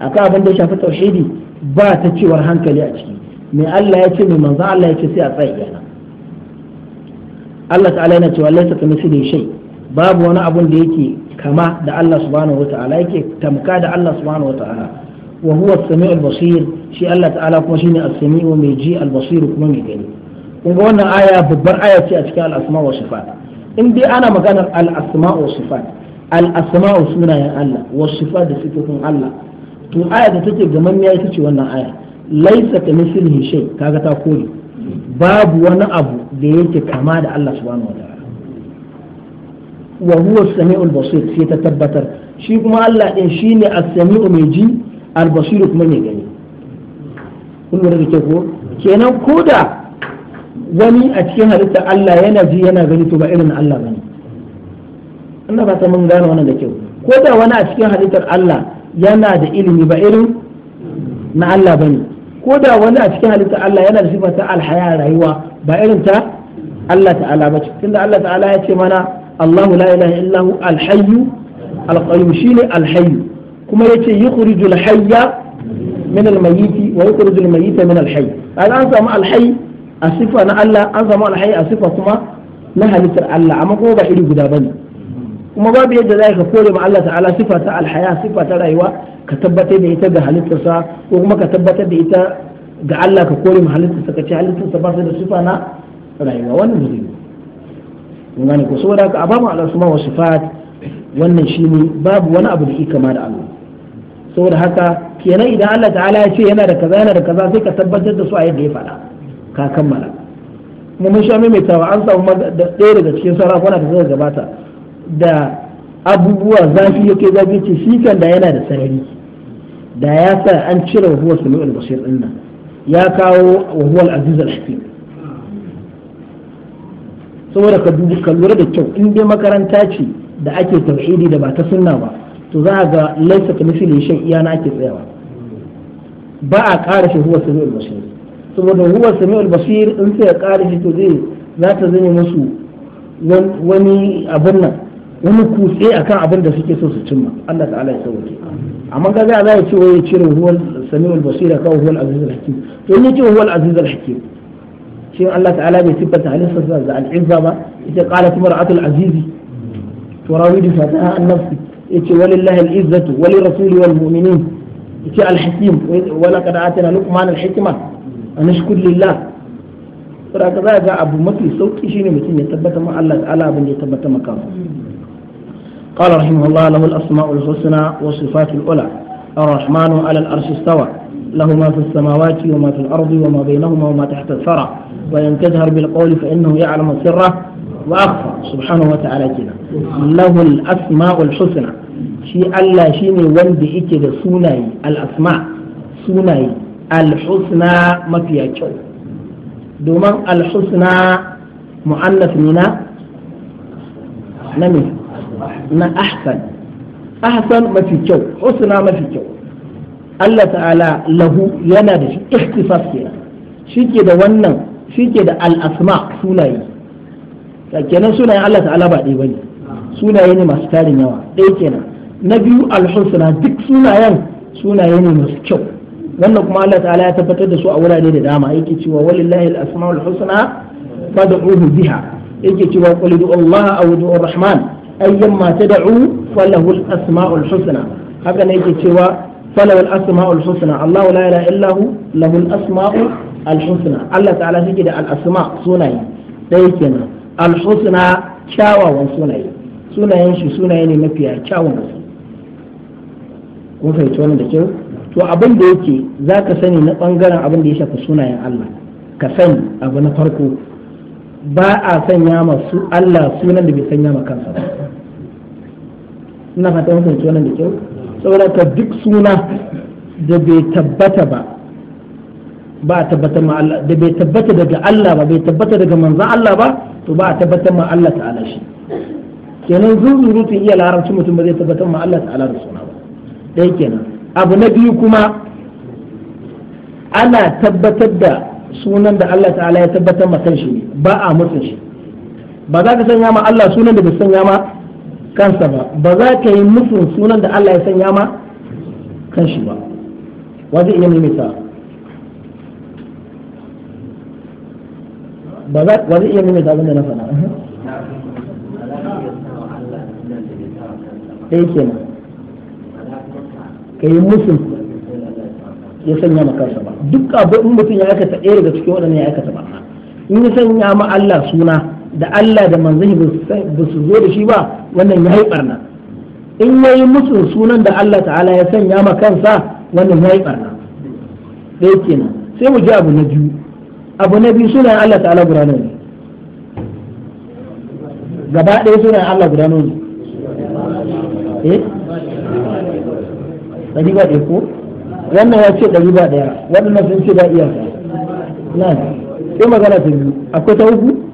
akan abin da ya shafi tauhidi ba ta cewar hankali a ciki mai Allah ya ce mai manzo Allah ya ce sai a tsaya yana Allah ta'ala yana cewa laysa kamithlihi shay babu wani abun da yake kama da Allah subhanahu wata'ala yake tamka da Allah subhanahu wata'ala wa huwa as basir shi Allah ta'ala kuma shine as-sami'u mai ji al-basir kuma mai gani kun ga wannan aya babbar aya ce a cikin al-asma wa sifat in dai ana maganar al-asma wa sifat al-asma'u sunayen Allah wasu sifa da sifofin Allah to aya da take gaman ya ita ce wannan aya laisa ka mislihi kaga ta kore babu wani abu da yake kama da Allah subhanahu wataala wa huwa samiul basir sai ta tabbatar shi kuma Allah din shine as-sami'u mai ji al-basir kuma mai gani kun lura da ko kenan koda wani a cikin halitta Allah yana ji yana gani to ba irin Allah bane ina fata mun gane wannan da kyau ko da wani a cikin halittar Allah yana da ilimi ba irin na Allah bane ko da wani a cikin halittar Allah yana da sifa ta alhaya rayuwa ba irin ta Allah ta'ala ba tunda Allah ta'ala ya ce mana Allahu la ilaha illa hu alhayyu alqayyum shine alhayyu kuma yace yukhrijul hayya min almayyiti wa yukhrijul mayyita min alhayy an samu alhayy a sifa na Allah an samu alhayy a sifa kuma na halittar Allah amma kuma ba iri guda bane kuma babu yadda za ka kore ma Allah ta'ala sifa ta alhaya sifa ta rayuwa ka tabbatar da ita ga halittarsa ko kuma ka tabbatar da ita ga Allah ka kore ma halittarsa ka ce halittarsa ba su da sifa na rayuwa wannan ba zai yi mun gane ko saboda ka abamu Allah suma wa sifat wannan shine babu wani abu da yake kama da Allah saboda haka kenan idan Allah ta'ala ya ce yana da kaza yana da kaza sai ka tabbatar da su a yadda ya faɗa ka kammala kuma mun sha maimaitawa an samu ɗaya daga cikin sarakuna da suka gabata da abubuwa zafi yake zafi ce shi kan da yana da sarari da ya sa an cire wa su sami'ul basir din nan ya kawo wa azizar al-aziz al saboda ka dubi ka lura da kyau in dai makaranta ce da ake tauhidi da ba ta sunna ba to za a ga laisa ka misali shan iya na ake tsayawa ba a ƙara shi huwa sami'ul basir saboda huwa sami'ul basir in sai ya ƙara shi to zai za ta zane musu wani abin nan wani kutse kan abin da suke so su cimma Allah ta'ala ya sauke amma ga za ya ce wai cire huwal samiul basira ka huwal aziz al hakim to ne ce huwal aziz al hakim shi Allah ta'ala bai sifata sa da al'izza ba ita kala qalat mar'atul azizi turawidu fataha an nafsi yace walillahi al izzatu wali rasuli wal mu'minin ita al hakim wa laqad atina luqman al hikma an ashkur lillah saboda za ga abu mafi sauki shine mutum ya tabbata ma Allah ta'ala abin da ya tabbata maka قال رحمه الله له الأسماء الحسنى والصفات العلى الرحمن على الأرش استوى له ما في السماوات وما في الأرض وما بينهما وما تحت الثرى وإن تجهر بالقول فإنه يعلم سره وأخفى سبحانه وتعالى كده له الأسماء الحسنى شي الله شي ne wanda yake da sunaye al-asma sunaye al-husna mafiya kyau domin al-husna mu'annas ne na na na ahsan ahsan mafi kyau husna mafi kyau Allah ta'ala lahu yana da shi ikhtisas kenan shike da wannan shike da al-asma sunaye kenan sunayen Allah ta'ala ba ɗaya bane sunaye ne masu tarin yawa ɗaya kenan na biyu al-husna duk sunayen sunaye ne masu kyau wannan kuma Allah ta'ala ya tabbatar da su a wurare da dama yake cewa walillahi al-asmaul husna fad'uhu biha yake cewa qul du'u Allah aw du'u rahman ayyamma tad'u falahu al-asma'ul husna haka ne yake cewa falahu al husna Allahu la ilaha illa hu asmau al-husna Allah ta'ala shi da al-asma sunaye dai kenan al-husna kyawawan sunaye sunayen shi sunaye ne mafiya kyawun gaske kun fahimci da kyau to abin da yake za ka sani na bangaren abin da ya shafi sunayen Allah ka sani abu na farko ba a sanya masu Allah sunan da bai sanya ma kansa ba ina fata mun fahimci wannan da kyau saboda ka duk suna da bai tabbata ba ba a tabbata ma Allah da bai tabbata daga Allah ba bai tabbata daga manzan Allah ba to ba a tabbata ma Allah ta'ala shi kenan zuzurutun iya larabci mutum ba zai tabbatar ma Allah ta'ala da suna ba dai kenan abu na biyu kuma ana tabbatar da sunan da Allah ta'ala ya tabbatar ma kan shi ba a mutun shi ba za ka sanya ma Allah sunan da bai sanya ma kansa ba ba za ka yi musu sunan da Allah ya sanya ma kanshi ba wa zai iya misa ba za wa zai iya misa zan da na faɗa ɗaya na ka yi musu ya sanya ma kansa ba duk abin mutum ya aikata ɗaya daga cikin waɗannan ya aikata ba in ya sanya ma Allah suna da Allah da manzon ba su zo da shi ba wannan ya yi barna in yayi musu sunan da Allah ta'ala ya sanya ma kansa wannan ya yi barna ɗaya kenan sai mu ji abu na biyu abu na biyu sunan Allah ta'ala guda nawa ne gaba ɗaya sunan Allah guda nawa ne eh ɗari ba ɗaya ko wannan ya ce ɗari ba ɗaya waɗannan sun ce ba iyaka na sai magana ta biyu akwai ta uku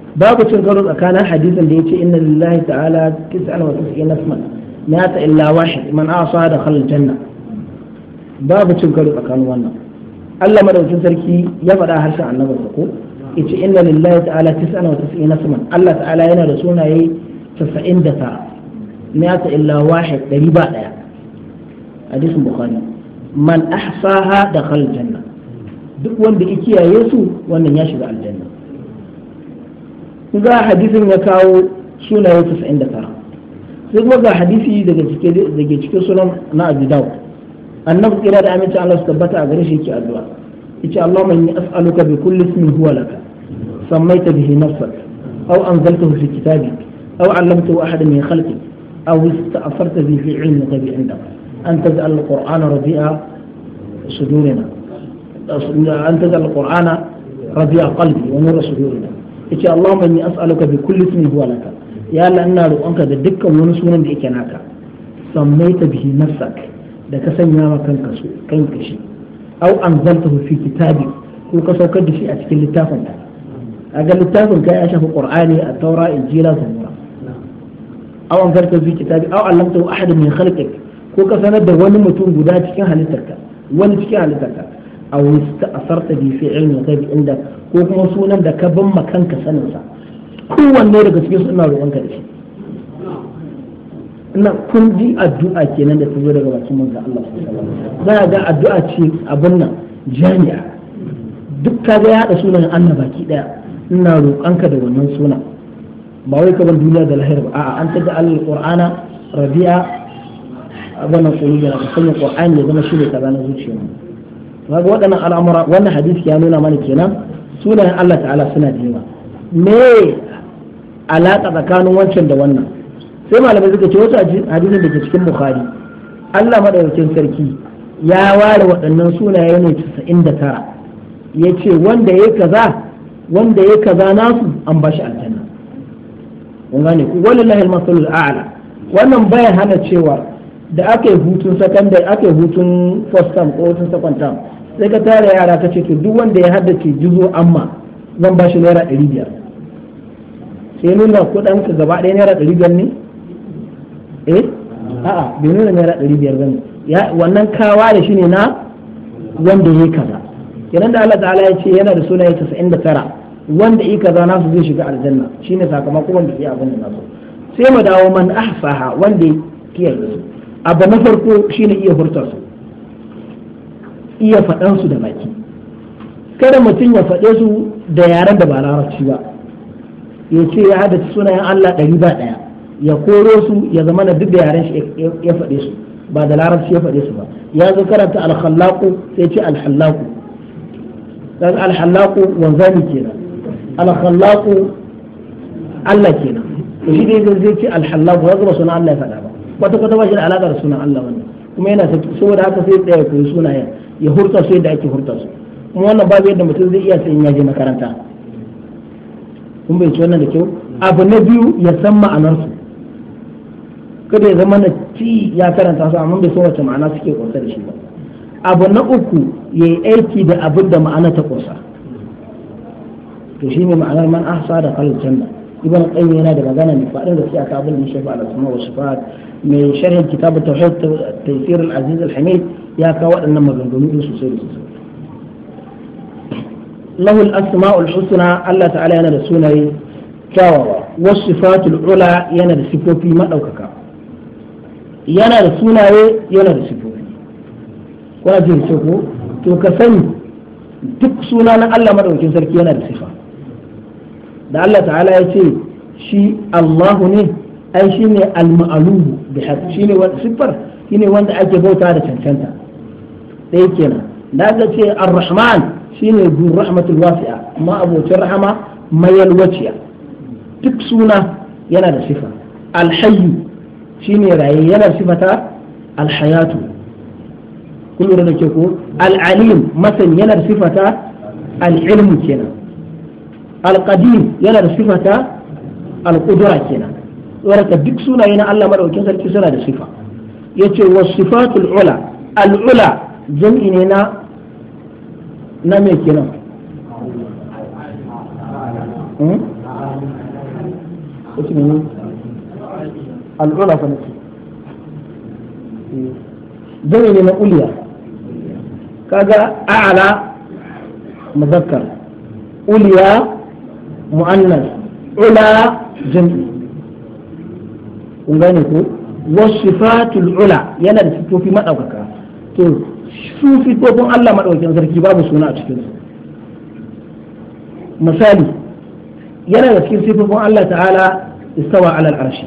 babu cin tsakanin hadisin da yace inna lillahi ta'ala tis'an wa tis'ina isman mata illa wahid man asa da khalal janna babu cin tsakanin wannan Allah madaukin sarki ya faɗa harshen annabi ko yace inna lillahi ta'ala tis'an wa tis'ina isman Allah ta'ala yana da sunaye 99 mata illa wahid dari ba daya man da khalal janna duk wanda ya kiyaye su wannan ya shiga aljanna ga hadisin ya kawo sunaye 99 sai kuma ga hadisi daga cikin sunan na abu dawud annabi kira da aminci Allah su tabbata a gare shi yake addu'a yace Allahumma inni as'aluka bi kulli ismin huwa laka sammaita bihi nafsak aw anzaltahu fi kitabik aw 'allamtahu ahadan min khalqik aw ista'farta bihi fi 'ilmika bi 'indak an taj'al al-qur'ana rabi'a sudurina an taj'al al-qur'ana rabi'a qalbi wa nura sudurina yace Allahumma inni as'aluka bi kulli ismin huwa laka ya Allah ina roƙonka da dukkan wani sunan da yake naka sammaita bihi nafsak da ka sanya wa kanka su kanka shi au anzaltahu fi kitabi ko ka saukar da shi a cikin littafin ka kaga littafin ka ya shafi qur'ani at-taura injila zabura au anzaltahu fi kitabi au allamtahu ahadan min khalqik ko ka sanar da wani mutum guda cikin halittarka wani cikin halittarka A aw ista'sarta bi fi ilmi ghaib inda ko kuma sunan da ka bin ma kanka sanin sa kowanne daga cikin su ina roƙonka da shi ina kun ji addu'a kenan da ta zo daga bakin manzo Allah za a ga addu'a ce abun nan jami'a duk ka ga ya haɗa sunan Allah baki daya ina roƙonka da wannan sunan ba wai ka bar duniya da lahira ba a'a an tada al-qur'ana rabi'a abana qulubina ka sanya qur'ani ya zama shi ne kaza na zuciyarmu kaga waɗannan al'amura wannan hadisi ya nuna mana kenan sunayen Allah ta'ala suna da yawa me alaƙa tsakanin wancan da wannan sai malamai suka ce wasu hadisin da ke cikin bukhari Allah madaukakin sarki ya ware waɗannan sunaye ne 99 ya ce wanda ya kaza wanda ya kaza nasu an ba shi aljanna kun gane ku wallahi al-masalul a'la wannan bai hana cewa da aka yi hutun sakandare aka yi hutun first term ko hutun second term sai ka tara yara ka ce to duk wanda ya haddace juzo amma zan ba shi naira ɗari biyar sai nuna kuɗin ka gaba ɗaya naira ɗari biyar ne eh a'a bai nuna naira ɗari biyar ba ne wannan kawa da shi ne na wanda ya kaza kenan da Allah ta'ala ya ce yana da sunaye 99 wanda yi kaza nasu zai shiga aljanna shine sakamakon wanda ya abin da nasu sai mu dawo man ahsaha wanda ya kiyaye abu na farko shine iya furta su iya faɗan da baki kada mutum ya faɗe su da yaren da ba larabci ba ya ce ya hada sunayen Allah ɗari ba ɗaya ya koro su ya zama na duk da yaren shi ya faɗe su ba da larabci ya faɗe su ba ya zo karanta alhallaku sai ce alhallaku dan alhallaku wanzami kenan alhallaku Allah kenan shi dai zai ce alhallaku ba su na Allah ya faɗa ba kwata kwata ba shi da alaƙar da sunan Allah wani kuma yana saboda haka sai tsaya koyi sunayen ya hurta su yadda ake hurta su kuma wannan babu yadda mutum zai iya sai in yaje makaranta kun bai ci wannan da kyau abu na biyu ya san ma'anar su kada ya zama na ci ya karanta su amma bai san wace ma'ana suke ƙunsa da shi ba abu na uku ya yi aiki da abin da ma'ana ta ƙunsa to ne ma'anar man ahsa da kalal janna ابن القيم ينادى مغانا مفاعل في اكاب المشرف على الاسماء والصفات من شرح كتاب التوحيد تيسير العزيز الحميد يا كوات انما بنقول له سوسير له الاسماء الحسنى الله تعالى ينادى سوني كاوا والصفات العلى ينادى سيبوبي ما اوكاكا yana da sunaye yana da sifofi ko a jirce ko to ka sani duk da Allah ta'ala ya ce shi Allahu ne ai shi ne al-ma'lumu bi haqq shi ne wanda siffar shi ne wanda ake bauta da cancanta dai kenan da aka ce ar-rahman shi ne dur rahmatul wasi'a ma abocin rahama mayalwaciya duk suna yana da sifa al-hayyu shi ne raye yana sifata al-hayatu kun da ke ko al-alim masani yana da sifata al-ilmu kenan القديم يلا صفة القدرة كنا ولك دكسونا هنا الله مرة وكنا سنة صفة يتي والصفات العلا العلا جمع هنا نمي كنا العلا جمع هنا أوليا كذا أعلى مذكر أوليا mu'annas ula jam'i kun gane ko wasifatul ula yana da sifofi madaukaka to su sifofin Allah madaukakin sarki babu suna a cikin misali yana da cikin sifofin Allah ta'ala istawa ala al'arshi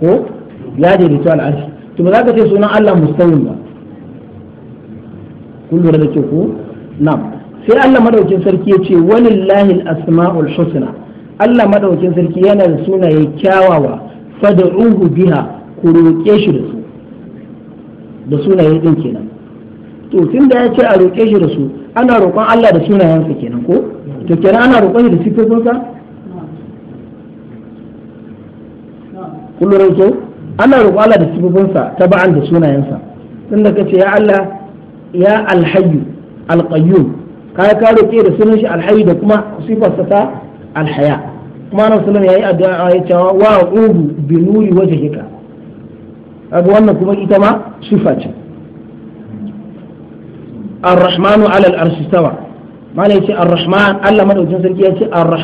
ko ya je da al al'arshi to ba za ka ce sunan Allah mustawin ba kun lura da ke ko na'am sai Allah madaukin sarki ya ce walillahi asma'ul husna Allah madaukin sarki yana da sunaye kyawawa fad'uhu biha ku roƙe shi da su da sunaye din kenan to tun da ya ce a roƙe shi da su ana roƙon Allah da sunayensa kenan ko to kenan ana roƙon shi da sifofinsa kullum ko ana roƙon Allah da sifofinsa ta ba'an da sunayensa tun da kace ya Allah ya alhayyu alqayyum ka ka roƙe da sunan shi alhayi da kuma sifarsa ta alhaya kuma annabi sallallahu yayi addu'a ya cewa wa ubu bi nuri wajhika kaga wannan kuma ita ma sifa ce ar-rahmanu ala al-arsh istawa malai ce ar-rahman Allah madaukakin sarki ya ce ar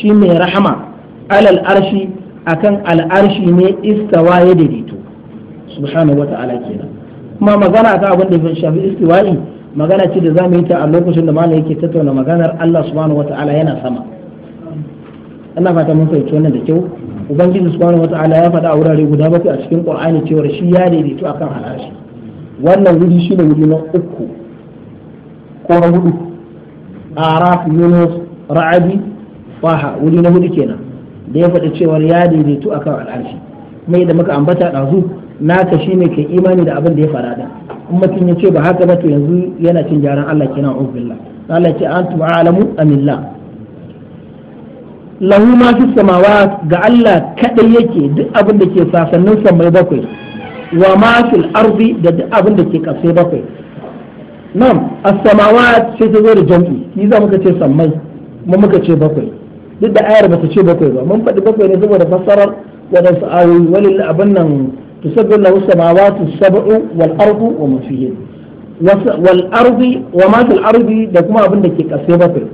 shi mai rahama ala arshi akan al-arshi ne istawa ya daidaito subhanahu wa ta'ala kenan kuma magana akan abin da ya shafi istiwa'i magana ce da za mu yi ta a lokacin da malam yake tattauna maganar Allah subhanahu wata'ala yana sama Allah fata mun fahimci wannan da kyau ubangiji subhanahu wata'ala ya faɗa a wurare guda bakwai a cikin qur'ani cewa shi ya daidaito akan halashi wannan wuri shi ne wuri na uku ko na hudu araf yunus ra'abi faha wuri na hudu kenan da ya faɗi cewar ya daidaito akan halashi mai da muka ambata ɗazu naka shine kai imani da abin da ya faɗa da in mutum ya ce ba haka ba to yanzu yana cin gyaran Allah kenan ubilla Allah ce antum a'lamu amilla lahu ma fi samawa ga Allah kadai yake duk abin da ke sasannin samai bakwai wa ma fil ardi da duk abin da ke kasai bakwai nam as-samawa ce ta zo da jam'i ni za muka ce samai mu muka ce bakwai duk da ayar ba ta ce bakwai ba mun faɗi bakwai ne saboda fassarar waɗansu ayoyi walil abin nan تسبح له السماوات السبع والأرض ومن فيهن والأرض وما في الأرض لكما أبن لك كسي بطل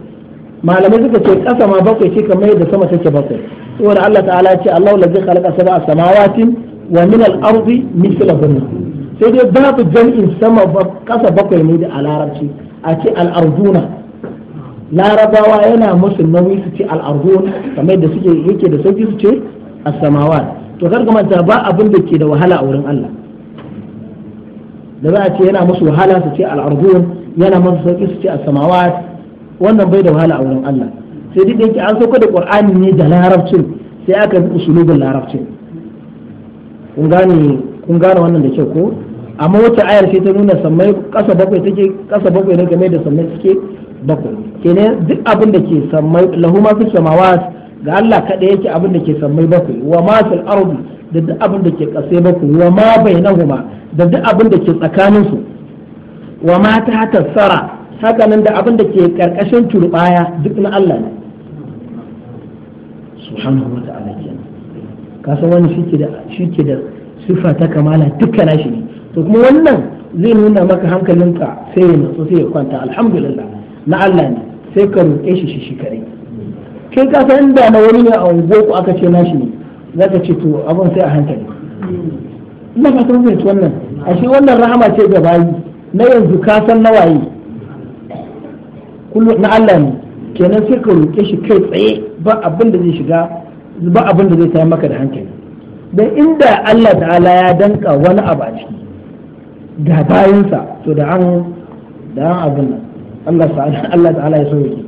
ما لم يزك شيء أسا ما بقي شيء كما يدى سما شيء بطل سورة الله تعالى الله الذي خلق سبع سماوات ومن الأرض مثلهن sai dai babu jam'in sama kasa bakwai ne da a larabci a ce al'arduna larabawa yana musu nauyi su ce al'ardun kamar da suke yake da sauki su ce as-samawat to kar manta ba abin da ke da wahala a wurin Allah da za a ce yana musu wahala su ce al'ardun yana musu sauki su ce a samawa. wannan bai da wahala a wurin Allah sai duk yake an sauka da ƙwar'ani ne da larabcin sai aka bi usulubin larabcin kun gane kun gane wannan da kyau ko amma wata ayar sai ta nuna sammai kasa bakwai take ƙasa bakwai ne game da sammai suke bakwai kenan duk abin da ke sammai lahu ma fi samawa. ga Allah kada yake abin da ke sammai bakwai wa ma fil ardi da duk abin da ke kasai bakwai wa ma bainahuma da duk abin da ke tsakanin su wa ma ta tasara haka nan da abin da ke karkashin turbaya duk na Allah ne subhanahu wa ta'ala kenan ka san wani shike da shike da sifa ta kamala dukkan shi ne to kuma wannan zai nuna maka hankalinka sai ya nutsu sai ya kwanta alhamdulillah na Allah ne sai ka roƙe shi shi kare kai ka san da na wani ne a unguwar ku aka ce nashi ne za ka ce to abin sai a hankali ina ka san zai wannan ashe wannan rahama ce ga bayi na yanzu ka san na waye na Allah ne kenan sai ka roƙe shi kai tsaye ba abin da zai shiga ba abin da zai tayar maka da hankali dan inda Allah ta'ala ya danka wani abu a ciki ga to da an da an abin nan Allah ta'ala ya sauke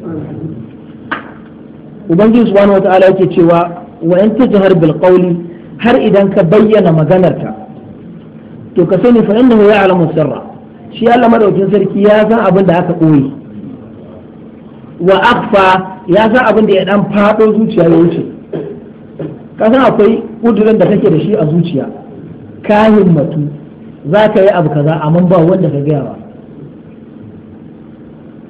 ubangiji subhanahu wataala yake cewa wa in tajhar bil qawli har idan ka bayyana maganarka to ka sani fa innahu ya'lamu sirra shi Allah madaukin sarki ya san abin da aka koyi wa akfa ya san abin da ya dan fado zuciya ya wuce ka san akwai kudurin da kake da shi a zuciya ka himmatu za ka yi abu kaza amma ba wanda ka gaya ba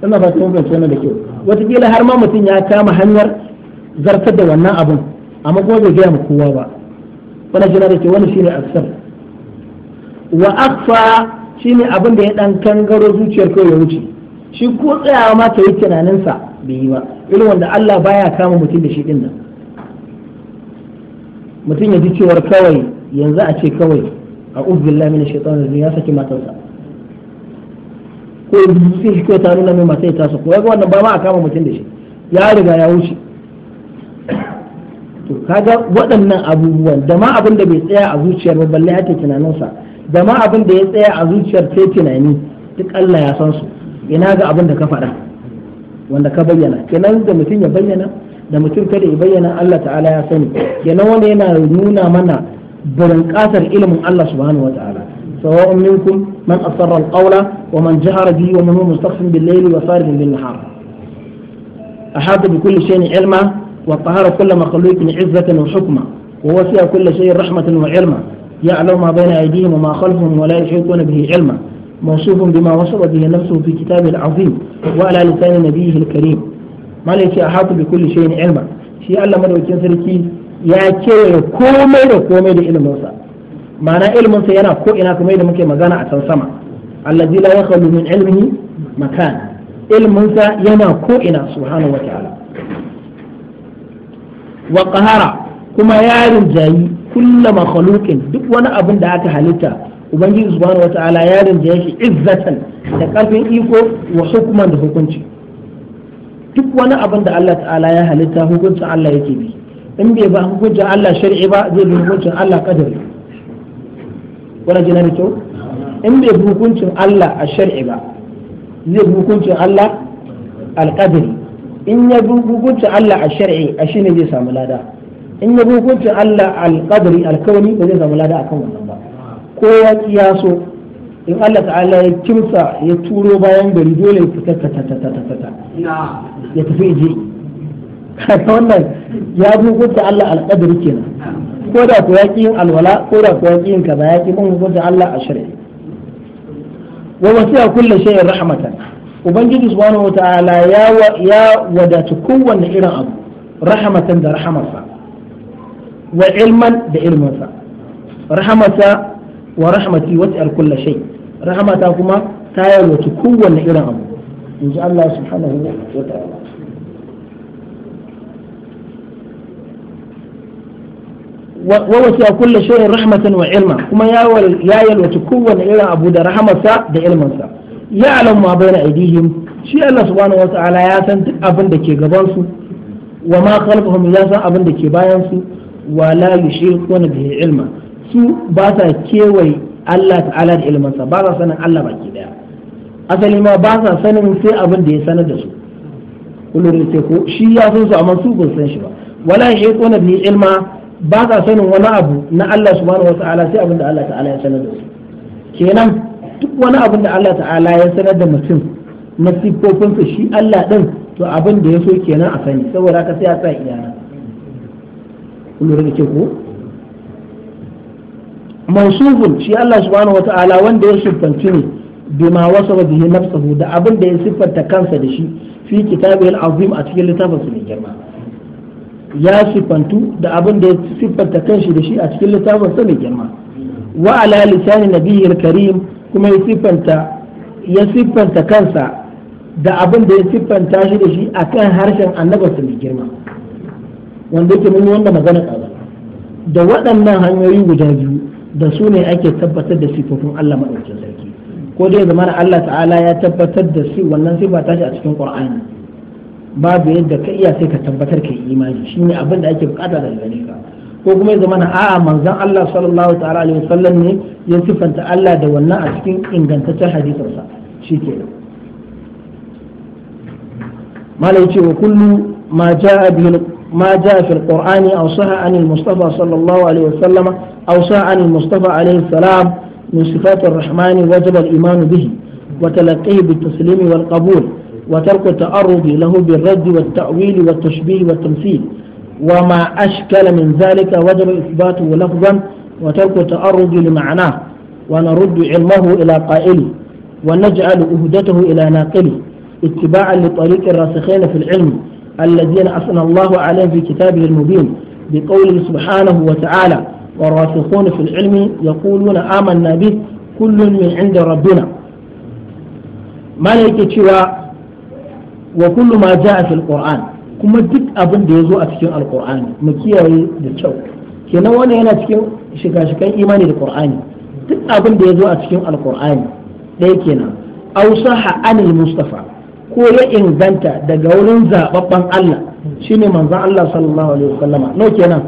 ina ba tsohon da kyau gila har ma mutum ya kama hanyar zartar da wannan abun amma kuma bai gaya ma kowa ba wani jira da ke wani shine aksar wa akfa shine abin da ya dan kangaro zuciyar kawai ya wuce shi ko tsayawa ma ta yi tunaninsa bai yi ba irin wanda Allah baya kama mutum da shi din nan mutum ya ji cewar kawai yanzu a ce kawai a ubillah min shaitan da ya saki matarsa ko sai shi ko ta nuna mai mata ta tasa ko ga wannan ba ma a kama mutum da shi ya riga ya wuce to kaga waɗannan abubuwan da ma abin da bai tsaya a zuciyar ba balle ake tunaninsa da ma abin da ya tsaya a zuciyar sai tunani duk Allah ya san su ina ga abin da ka faɗa wanda ka bayyana kenan da mutum ya bayyana da mutum kada ya bayyana Allah ta'ala ya sani kenan wanda yana nuna mana barin kasar ilimin Allah subhanahu wa ta'ala سواء wa من أسر القول ومن جهر به ومن هو مستخف بالليل وسارد بالنهار أحاط بكل شيء علما وطهر كل مخلوق عزة وحكمة ووسع كل شيء رحمة وعلما يعلم ما بين أيديهم وما خلفهم ولا يحيطون به علما موصوف بما وصف به نفسه في كتابه العظيم وعلى لسان نبيه الكريم ما ليس أحاط بكل شيء علما شيء الله مدعوكين سركي ya kewaye komai da komai da iliminsa ma'ana iliminsa yana ko ina kuma da muke magana a can sama allazi la yakhlu min ilmihi makan ilminsa yana ko ina subhanahu wa ta'ala wa qahara kuma ya rinjayi kulla makhluqin duk wani abin da aka halitta ubangiji subhanahu wataala ya rinjaye yake izzatan da karfin iko wa hukuman da hukunci duk wani abin da Allah ta'ala ya halitta hukuncin Allah yake bi in bai ba hukuncin Allah shari'i ba zai bi hukuncin Allah kadari wani jina da kyau in bai bi hukuncin Allah a shari'i ba zai bi hukuncin Allah alƙadari in ya bi hukuncin Allah a shar'i a shi ne zai samu lada in ya bi hukuncin Allah al-qadri al ba zai samu lada a kan wannan ba ko ya kiyaso in Allah ta'ala ya kimsa ya turo bayan gari dole ya fita ta ta ta ta ta ya tafi je wannan ya bi hukuncin Allah alƙadari kenan ko da ko ya ki yin alwala ko da ko ya ki yin kaza ya ki hukuncin Allah a shar'i wa wasiya kullu shay'in rahmatan ubangiji subhanahu wata'ala ya ya wadatu kowanne irin abu rahamatan da rahamarsa wa ilman da ilminsa rahamata wa rahmati wata alkulla shay rahamata kuma ta yalwata kowanne irin abu yanzu Allah subhanahu wa ta'ala ووسع كل شيء رحمة وعلما كما يا يلوت كون إلى أبو ده رحمة ده علما ya alam ma bayna aidihim shi Allah subhanahu wata'ala ya san duk abin da ke gaban su wa ma khalfahum ya san abin da ke bayan su wa la yushrikuna bihi ilma su ba sa kewaye Allah ta'ala da sa ba sa sanin Allah baki daya asali ma ba sa sanin sai abin da ya sanar da su kullum sai ko shi ya san su amma su ban san shi ba wala yushrikuna bihi ilma ba sa sanin wani abu na Allah subhanahu wata'ala sai abin da Allah ta'ala ya sanar da su kenan duk wani abin da Allah ta'ala ya sanar da mutum na shi Allah din to abin da ya so kenan a sani saboda haka sai a sa iyana kullum da ke ko mansubun shi Allah subhanahu wata'ala wanda ya siffanci ne bima wasa wa bihi nafsuhu da abin da ya siffanta kansa da shi fi kitabil azim a cikin littafin su mai girma ya siffantu da abin da ya siffanta kanshi da shi a cikin littafin sa mai girma wa ala lisani nabiyil karim kuma ya siffanta ya siffanta kansa da abin da ya siffanta shi da shi a kan harshen annabarsa mai girma wanda yake mun wanda magana kaza da waɗannan hanyoyi guda biyu da su ne ake tabbatar da sifofin Allah maɗaukin sarki ko dai zama da Allah ta'ala ya tabbatar da shi wannan sifa tashi a cikin ƙwar'ani babu yadda ka iya sai ka tabbatar ka yi imani ne abin da ake bukata daga gare ka ko kuma ya zamana a'a manzon Allah sallallahu ta'ala alaihi wasallam ne ya sifanta Allah da wannan a cikin ingantaccen hadisinsa shikenan malai ce wa kullu ma jaa bi ما جاء في القرآن أو صح عن المصطفى صلى الله عليه وسلم أو صح عن المصطفى عليه السلام من صفات الرحمن وجب الإيمان به وتلقيه بالتسليم والقبول وترك التعرض له بالرد والتأويل والتشبيه والتمثيل وما أشكل من ذلك وجب إثباته لفظا وترك التعرض لمعناه ونرد علمه إلى قائله ونجعل أهدته إلى ناقله اتباعا لطريق الراسخين في العلم الذين أثنى الله عليهم في كتابه المبين بقوله سبحانه وتعالى والراسخون في العلم يقولون آمنا به كل من عند ربنا ما لك وكل ما جاء في القرآن kuma duk abin da ya zo a cikin alkur'ani mu kiyaye da kyau kenan wannan yana cikin shiga shigan imani da qur'ani duk abin da ya zo a cikin alkur'ani ɗaya kenan ausaha anil mustafa ko ya inganta daga wurin zababban Allah shine manzon Allah sallallahu alaihi sallama no kenan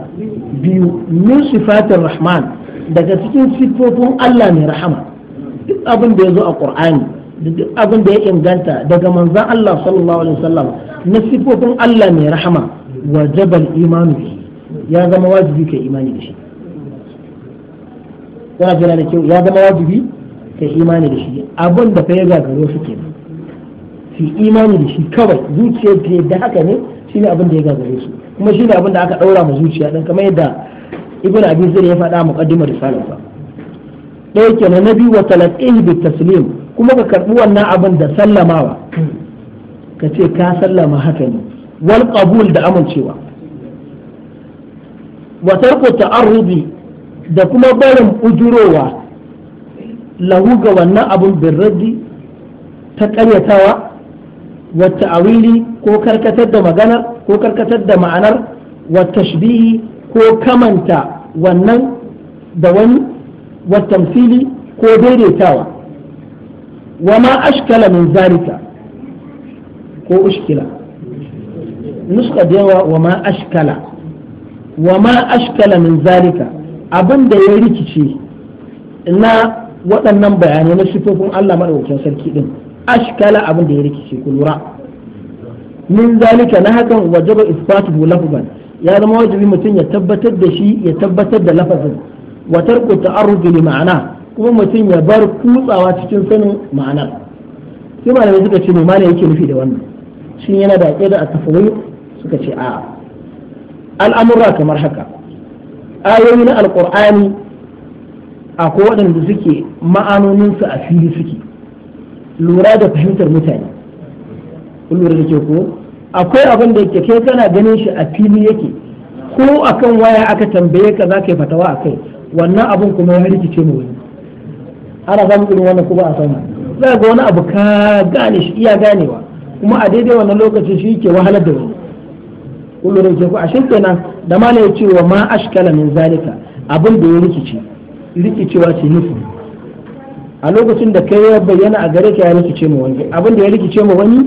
biyu min sifatir rahman daga cikin sifofin Allah mai rahama duk abin da ya zo a qur'ani duk abin da ya inganta daga manzon Allah sallallahu alaihi wasallama na sifofin Allah mai rahama jabal imanu shi ya zama wajibi kai imani da shi yana jira da kyau ya zama wajibi kai imani da shi abin da fa ya gagaro su ke fi imani da shi kawai zuciya ta yadda haka ne ne abin da ya gagare su kuma ne abin da aka daura ma zuciya dan kamar yadda ibn abi ya faɗa muqaddimar risalarsa ɗaya kenan na biyu wa talatin bi taslim kuma ka karɓi wannan abin da sallamawa ka ce ka sallama haka ne wal qabul da amincewa wa tarku ta'arrudi da kuma barin ujurowa lahu ga wannan abun birraddi ta karyatawa wa ta'awili ko karkatar da maganar ko karkatar da ma'anar wa tashbihi ko kamanta wannan da wani wa tamsili ko daidaitawa wa ma ashkala min zalika ko ushkila nuska da yawa wa ma ashkala wa ma ashkala min zalika abin da ya rikice na waɗannan bayanai na sifofin Allah maɗaukakin sarki ɗin ashkala abin da ya rikice ku lura min zalika na hakan wajaba isbatu lafzan ya zama wajibi mutum ya tabbatar da shi ya tabbatar da lafazin wa tarku ta'arrudu li ma'ana kuma mutum ya bar kutsawa cikin sanin ma'anar sai malamai suka ce me yake nufi da wannan Shin yana da aƙida da tafawai suka ce a Al'amura kamar haka ayoyi na alƙur'ani akwai waɗanda suke ma'anoninsu a fili suke lura da fahimtar mutane lura da ke ko akwai abin da yake kai kana ganin shi a fili yake ko akan waya aka tambaye ka za yi fatawa a kai wannan abun kuma ya rikice mu wani ana zamu irin wannan kuma a sauna za ga wani abu ka gane shi iya ganewa kuma a daidai wannan lokacin shi ke wahalar da wani Kullum da ke ku ashe kenan da ma ya ce wa ma ashkala min zalika abin da ya rikice rikicewa ce nufi a lokacin da kai ya bayyana a gare ka ya rikice mu wani abin da ya rikice mu wani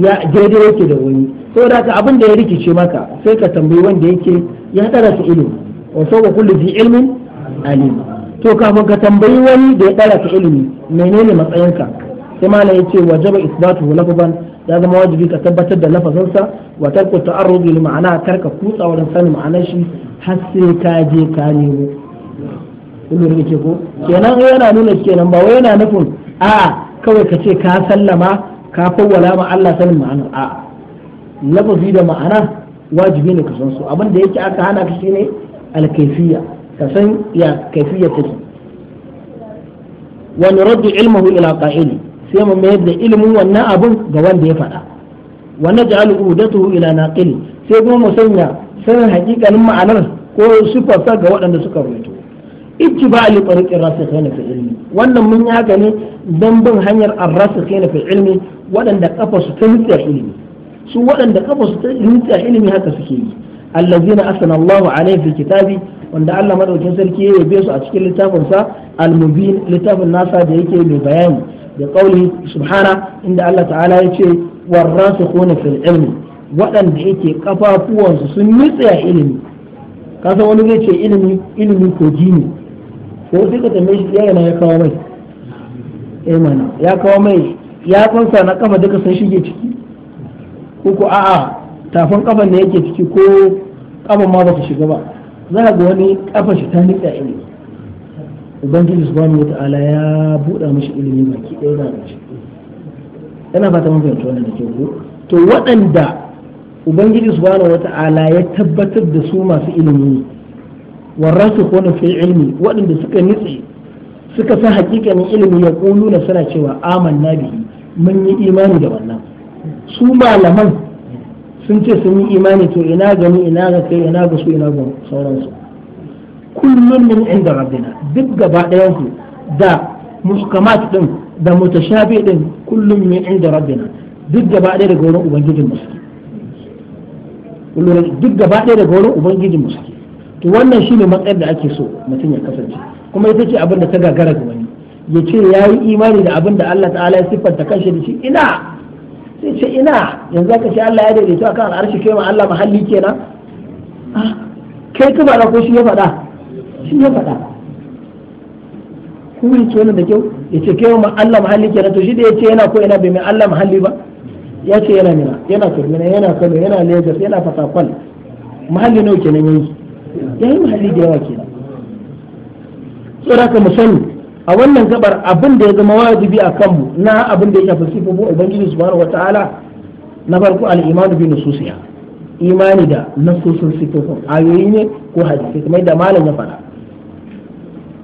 ya daidai yake da wani Ko da ka abin da ya rikice maka sai ka tambayi wanda yake ya tsara su ilimi wa sawqa kullum fi ilimin alim to kafin ka tambayi wani da ya dara su ilimi menene matsayinka sai malam ya ce wajaba isbatu lafazan ya zama wajibi ka tabbatar da lafazansa wa tarku ta'arrudi li ma'ana karka kutsa wurin sanin ma'anar shi har sai ka je ka nemo kun rike ko kenan yana nuna kenan ba wai yana nufin a kawai ka ce ka sallama ka fawwala ma Allah sanin ma'ana a lafazi da ma'ana wajibi ne ka san su abin da yake aka hana ka shine alkaifiya ka san ya kaifiyar take wa nuraddu ilmuhu ila qa'ili sai mu mayar da ilimin wannan abun ga wanda ya faɗa wa naj'alu udatuhu ila naqili sai kuma mu sanya sanin haƙiƙanin ma'anar ko sifarsa ga waɗanda suka rubuto ittiba li tariqi rasikhin fi ilmi wannan mun yi haka ne dan bin hanyar ar-rasikhin fi ilmi waɗanda kafa su ta ilimi su waɗanda kafa su ta ilimi haka suke yi allazina asana Allahu alaihi fi kitabi wanda Allah madaukin sarki ya yabe su a cikin littafin al-mubin littafin nasa da yake mai bayani da ƙauli subhana inda Allah ta'ala ya ce yace kone fil ilmi waɗanda yake kafafuwansu sun nutse a ilimi san wani zai ce ilimi ilimi ko jini ko sai ka tambaye shi yana ya kawo mai imani eh ya kawo mai ya kunsa na kafa duka sun shige ciki ko ko a'a tafin kafan da yake ciki ko kafan ma ba ta shiga ba za ga wani kafa shi ta nutse a ubangiji wata ala ya buɗa mashi ilimin baki ɗaya da mashi yana fata mafi yanzu wannan da ke ku to waɗanda ubangiji wata ala ya tabbatar da su masu ilimi warar ko na fi ilimi waɗanda suka nitse suka sa hakikanin ilimi ya na suna cewa na biyu mun yi imani da wannan su malaman sun ce sun yi imani to ina gani ina ga kai ina ga su ina ga sauransu kullum min inda rabbina duk gaba ɗayan su da muhkamat din da mutashabi din kullum min inda rabbina duk gaba ɗaya daga wurin ubangijin musulmi kullum duk gaba ɗaya daga wurin ubangijin musulmi to wannan shine matsayin da ake so mutum ya kasance kuma ita ce abin da ta gagara ga wani ya ce ya yi imani da abin da Allah ta'ala ya siffanta kanshi da shi ina sai ce ina yanzu aka ce Allah ya daidaita akan al'arshi kai ma Allah mahalli kenan ah, kai ka faɗa ko shi ya faɗa shi ya faɗa kun yi wannan da kyau ya ce kai ma Allah mahalli kenan to shi da ya ce yana ko yana bai mai Allah mahalli ba ya ce yana nina yana turmina yana kano yana lagos yana fatakwal mahalli nawa kenan ya yi mahalli da yawa kenan da mu sani a wannan gabar abin da ya zama wajibi a kanmu na abin da ya shafi sifofin ubangiji subhanahu wataala na farko al'imanu imanu bi nususiya imani da nasusun sifofin ayoyi ne ko hadisi kamar da malam ya faɗa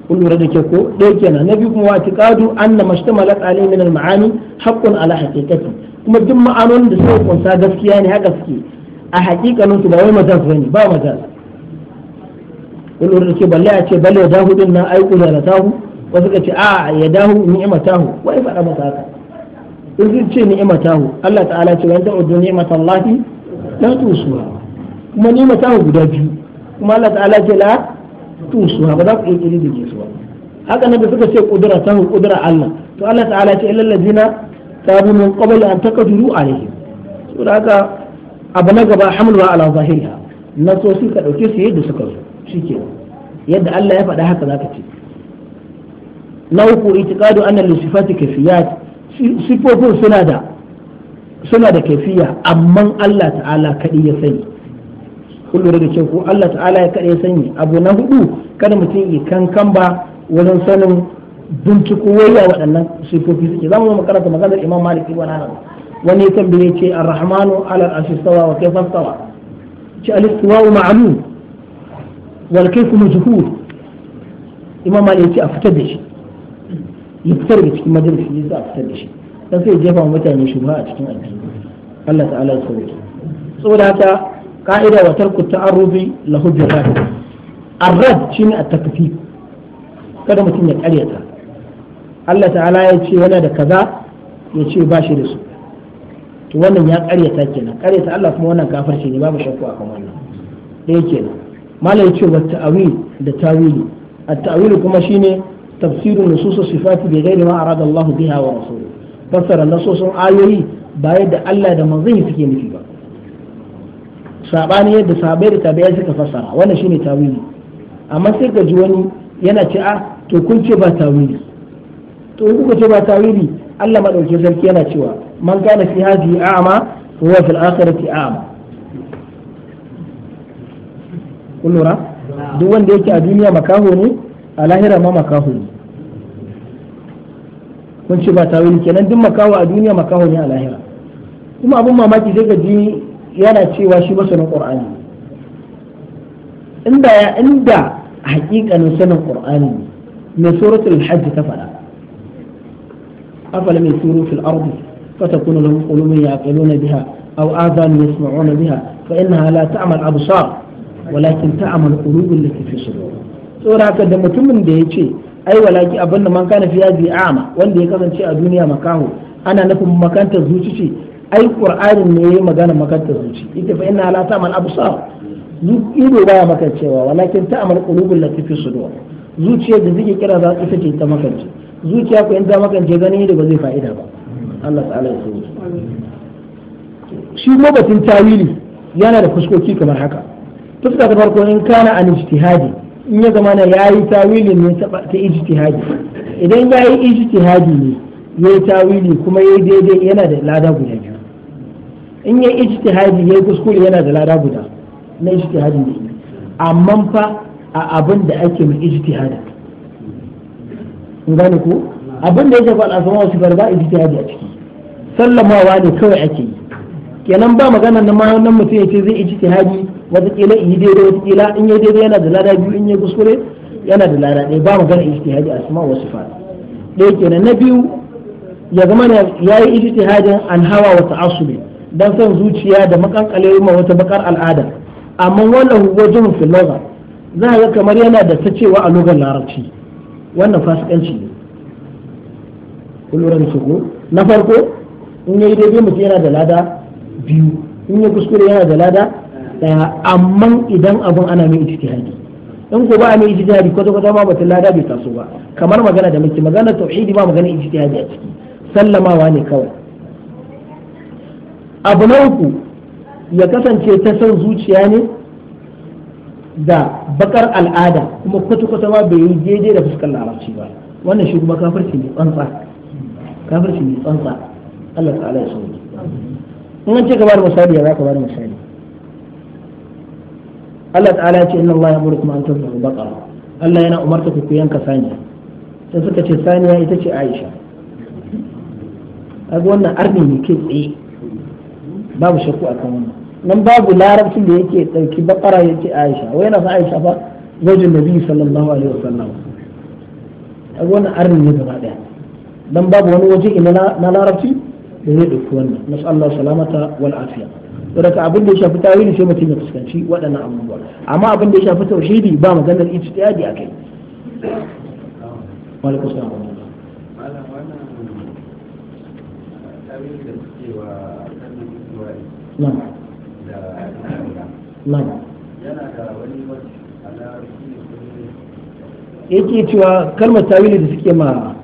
kun lura da ke ko ɗaya kenan na biyu kuma watiqadu anna mashtamalat alayhi min al-ma'ani haqqun ala haqiqati kuma duk ma'anon da suka kunsa gaskiya ne haka suke a haƙiƙanin su ba wai majaz bane ba majaz kun lura da ke balle a ce balle da hudin nan ai kula da tahu wasu ka ce a ya dahu ni'matahu wai faɗa masa haka in sun ce ni'matahu Allah ta'ala ce wa in ta'uddu ni'matallahi la tusuha kuma ni'matahu guda biyu kuma Allah ta'ala ce la tu su ba za ku iya kiri da su ba haka nan da suka ce kudura ta kudura Allah to Allah ta'ala ce illal ladina tabu min qabl an taqdiru alaihim saboda haka abu na gaba hamluha ala zahiriha na so su ka dauke su yadda suka zo shikenan yadda Allah ya faɗa haka zaka ce na uku itiqadu anna lisifati kafiyat sifofin suna da suna da kafiya amma Allah ta'ala kadai ya sani kun da cewa ko Allah ta'ala ya ya sanya abu na hudu kada mutum ya kankan ba wajen sanin binciko waya waɗannan sifofi suke Za mu karanta maganar Imam Malik ibn Anas wani tambaye ce ar-rahmanu ala al-arshi stawa wa kayfa stawa ce al wa ma'lum wal kayfu majhul Imam Malik ce a fitar da shi ya fitar da cikin majalisi ya za a fitar da shi dan sai ya jefa mutane shubha a cikin addini Allah ta'ala ya sauke saboda haka ka'ida wa tarku ta'arrubi lahu bi rad arrad shine at-takfif kada mutum ya karyata Allah ta'ala ya ce yana da kaza ya ce ba shi da su to wannan ya karyata kenan karyata Allah kuma wannan kafirci ne babu shakku akan wannan da kenan malai ce wa ta'awil da tawili at-ta'wil kuma shine tafsirun nusus sifati bi ghairi ma arada Allah biha wa rasuluhu fassara nasosin ayoyi ba yadda Allah da manzon suke nufi ba sabani yadda sahabbai da tabi'ai suka fassara wannan shine tawili amma sai ka ji wani yana ce a ah, to kun ce ba tawili to in kuka ce ba tawili Allah madaukakin sarki yana cewa man kana fi hadhihi a'ma fa huwa fil akhirati a'ma kullura duk wanda yake a duniya makaho ne a lahira ma makaho ne kun ce ba tawili kenan duk makaho a duniya makaho ne a lahira kuma abin mamaki sai ka ji yana cewa shi masanin qur'ani inda ya inda hakikanin sanin qur'ani ne mai suratul hajji ta faɗa afala mai suru fil ardi fatakunu lahum qulubun yaqiluna biha aw adhan yasma'una biha fa innaha la ta'mal absar walakin ta'mal qulubul lati fi sudur saboda haka da mutumin da ya ce ai walaki abin da man kana fiya bi ama wanda ya kasance a duniya makaho ana nufin makarantar zuci ce ai qur'anin ne ya magana ta zuci ita fa inna la ta'mal absar duk ido baya cewa walakin ta'mal qulubul lati fi sudur zuciya da zike kira za ita ce ta makance zuciya ko in ta je gani da ba zai fa'ida ba Allah ta'ala ya sani shi ko batun tawili yana da fuskoki kamar haka fuska ta farko in kana an ijtihadi in ya zama na yayi tawili ne ta ijtihadi idan yayi ijtihadi ne yayi tawili kuma yayi daidai yana da lada guda biyu in ya ijtihadi ya yi kuskure yana da lada guda na ijtihadin da yi amma fa a abin da ake mai ijtihadi in gani ko abin da ya shafa al'asama wasu bar ba ijtihadi a ciki sallamawa ne kawai ake yi kenan ba magana na ma wannan mutum ya ce zai ijtihadi kila in yi daidai kila in yi daidai yana da lada biyu in yi kuskure yana da lada ɗaya ba magana ijtihadi a sama wasu fa ɗaya kenan na biyu ya zama ya yi ijtihadin an hawa wata asubi dan son zuciya da makankale ma wata bakar al'ada amma wannan wajen fil za za ga kamar yana da ta cewa a logan larabci wannan fasikanci ne kullum su na farko in yi daidai mutum yana da lada biyu in ya kuskure yana da lada daya amma idan abun ana mai ijtihadi in ko ba mai ijtihadi kwata kwata ma batun lada bai taso ba kamar magana da muke magana tauhidi ba magana ijtihadi a ciki sallamawa ne kawai abu na uku ya kasance ta son zuciya ne da bakar al'ada kuma kwata-kwata ma bai yi daidai da fuskar larabci ba wannan shi kuma kafirci ne tsantsa kafirci ne tsantsa Allah ta'ala ya sauki in an ce ka bada misali ya za ka bada misali Allah ta'ala ya ce inna Allah ya buru kuma an tafi bakar Allah yana umarta ku ku yanka saniya sai suka ce saniya ita ce Aisha kaga wannan arni ne ke tsaye babu shakku akan wannan nan babu larabcin da yake ɗauki bakara yake Aisha wai yana sa Aisha fa zaujin Nabi sallallahu alaihi wasallam a wannan arni ne gaba daya dan babu wani waje ina na larabci da zai dauki wannan nasallahu salamata wal afiya saboda abin da ya shafi tawili sai mutum ya fuskanci waɗannan abubuwa amma abin da ya shafi tauhidi ba maganar ijtihadi akai wa alaikum nan nan yake cewa kalmar tawili da suke ma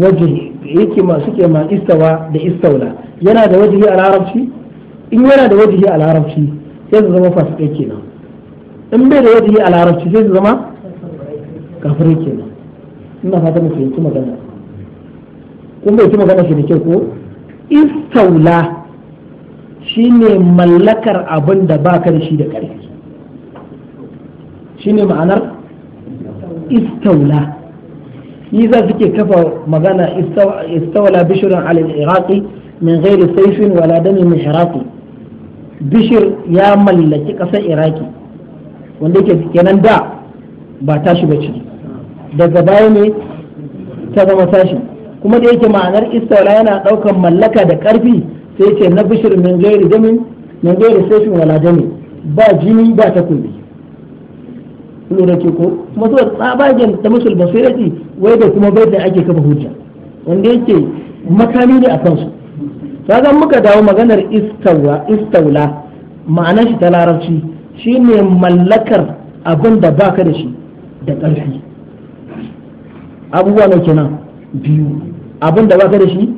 waje yake ma suke ma istawa da istaula yana da wajihi a larabci in yana da wajihi a larabci sai su zama fasikai kenan in bai da wajihi a larabci sai su zama kafirai kenan ina fata mu fahimci magana kun bai magana shi da kyau ko istaula shine mallakar abin da ba ka da shi da ƙarfi shine ma'anar istaula yi za suke kafa magana istaula bishirin alal iraqi min ghairi saifin wala dami min iraqi bishir ya mallaki ƙasar iraki wanda yake kenan da ba tashi ba ce daga baya ne ta zama tashi kuma da yake ma'anar istaula yana ɗaukar mallaka da ƙarfi sai ce na bishir min gairi damin min gairi sashin wala jami ba jini ba takobi lura ke ko kuma zuwa tsabagen da musul basirati wai da kuma bai da ake kafa hujja wanda yake makami ne a kansu zan muka dawo maganar Istaula ma'ana ma'anar shi ta larabci shine mallakar abin da baka da shi da ƙarfi abubuwa ne kenan biyu abin da baka da shi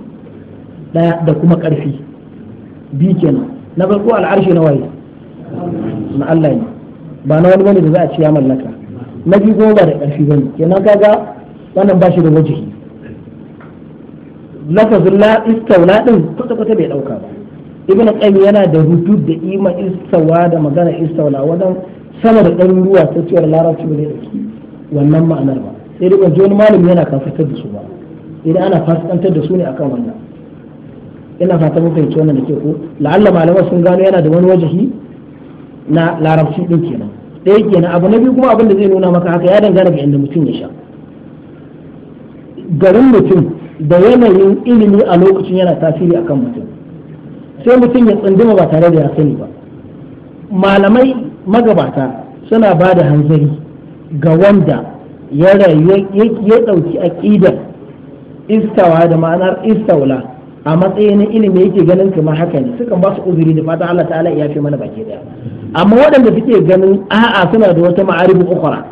da kuma ƙarfi bi kenan na farko al'arshi na waye na Allah ne ba na wani bane da za a ce ya mallaka na biyu kuma ba da ƙarfi bane kenan kaga wannan ba shi da wajihi lafazin la istaula din kwata kwata bai dauka ba ibnu qayyim yana da rudud da ima istawa da magana istaula wadan sama da ɗan ruwa ta cewar larabci ne zai wannan ma'anar ba sai dai wani malami yana kafatar da su ba idan ana fasikantar da su ne akan wannan ina fata mun fahimci wannan da ke ko la'alla malamar sun gano yana da wani wajahi na larabci din kenan ɗaya kenan abu na biyu kuma abin da zai nuna maka haka ya dangana ga inda mutum ya sha garin mutum da yanayin ilimi a lokacin yana tasiri akan mutum sai mutum ya tsunduma ba tare da ya sani ba malamai magabata suna ba da hanzari ga wanda ya rayu ya ɗauki aƙidar istawa da ma'anar istawla a matsayin ilimi yake ganin kamar haka ne sukan ba su uzuri da fata Allah ta'ala ya fi mana baki daya amma waɗanda suke ganin a'a suna da wata ma'arifu ukhra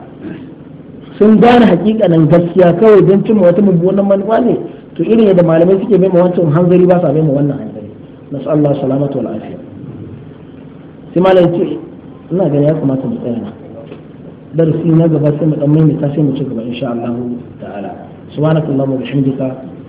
sun gane hakikanin gaskiya kawai don cimma wata mummunan manufa ne to irin yadda malamai suke mai wancan hanzari ba sa mai wannan hanzari nasu Allah salamatu wal afiya sai malamai ce ina ga ya kamata mu tsaya darasi na gaba sai mu dan mai maimaita sai mu ci gaba insha Allah ta'ala subhanakallahumma wa bihamdika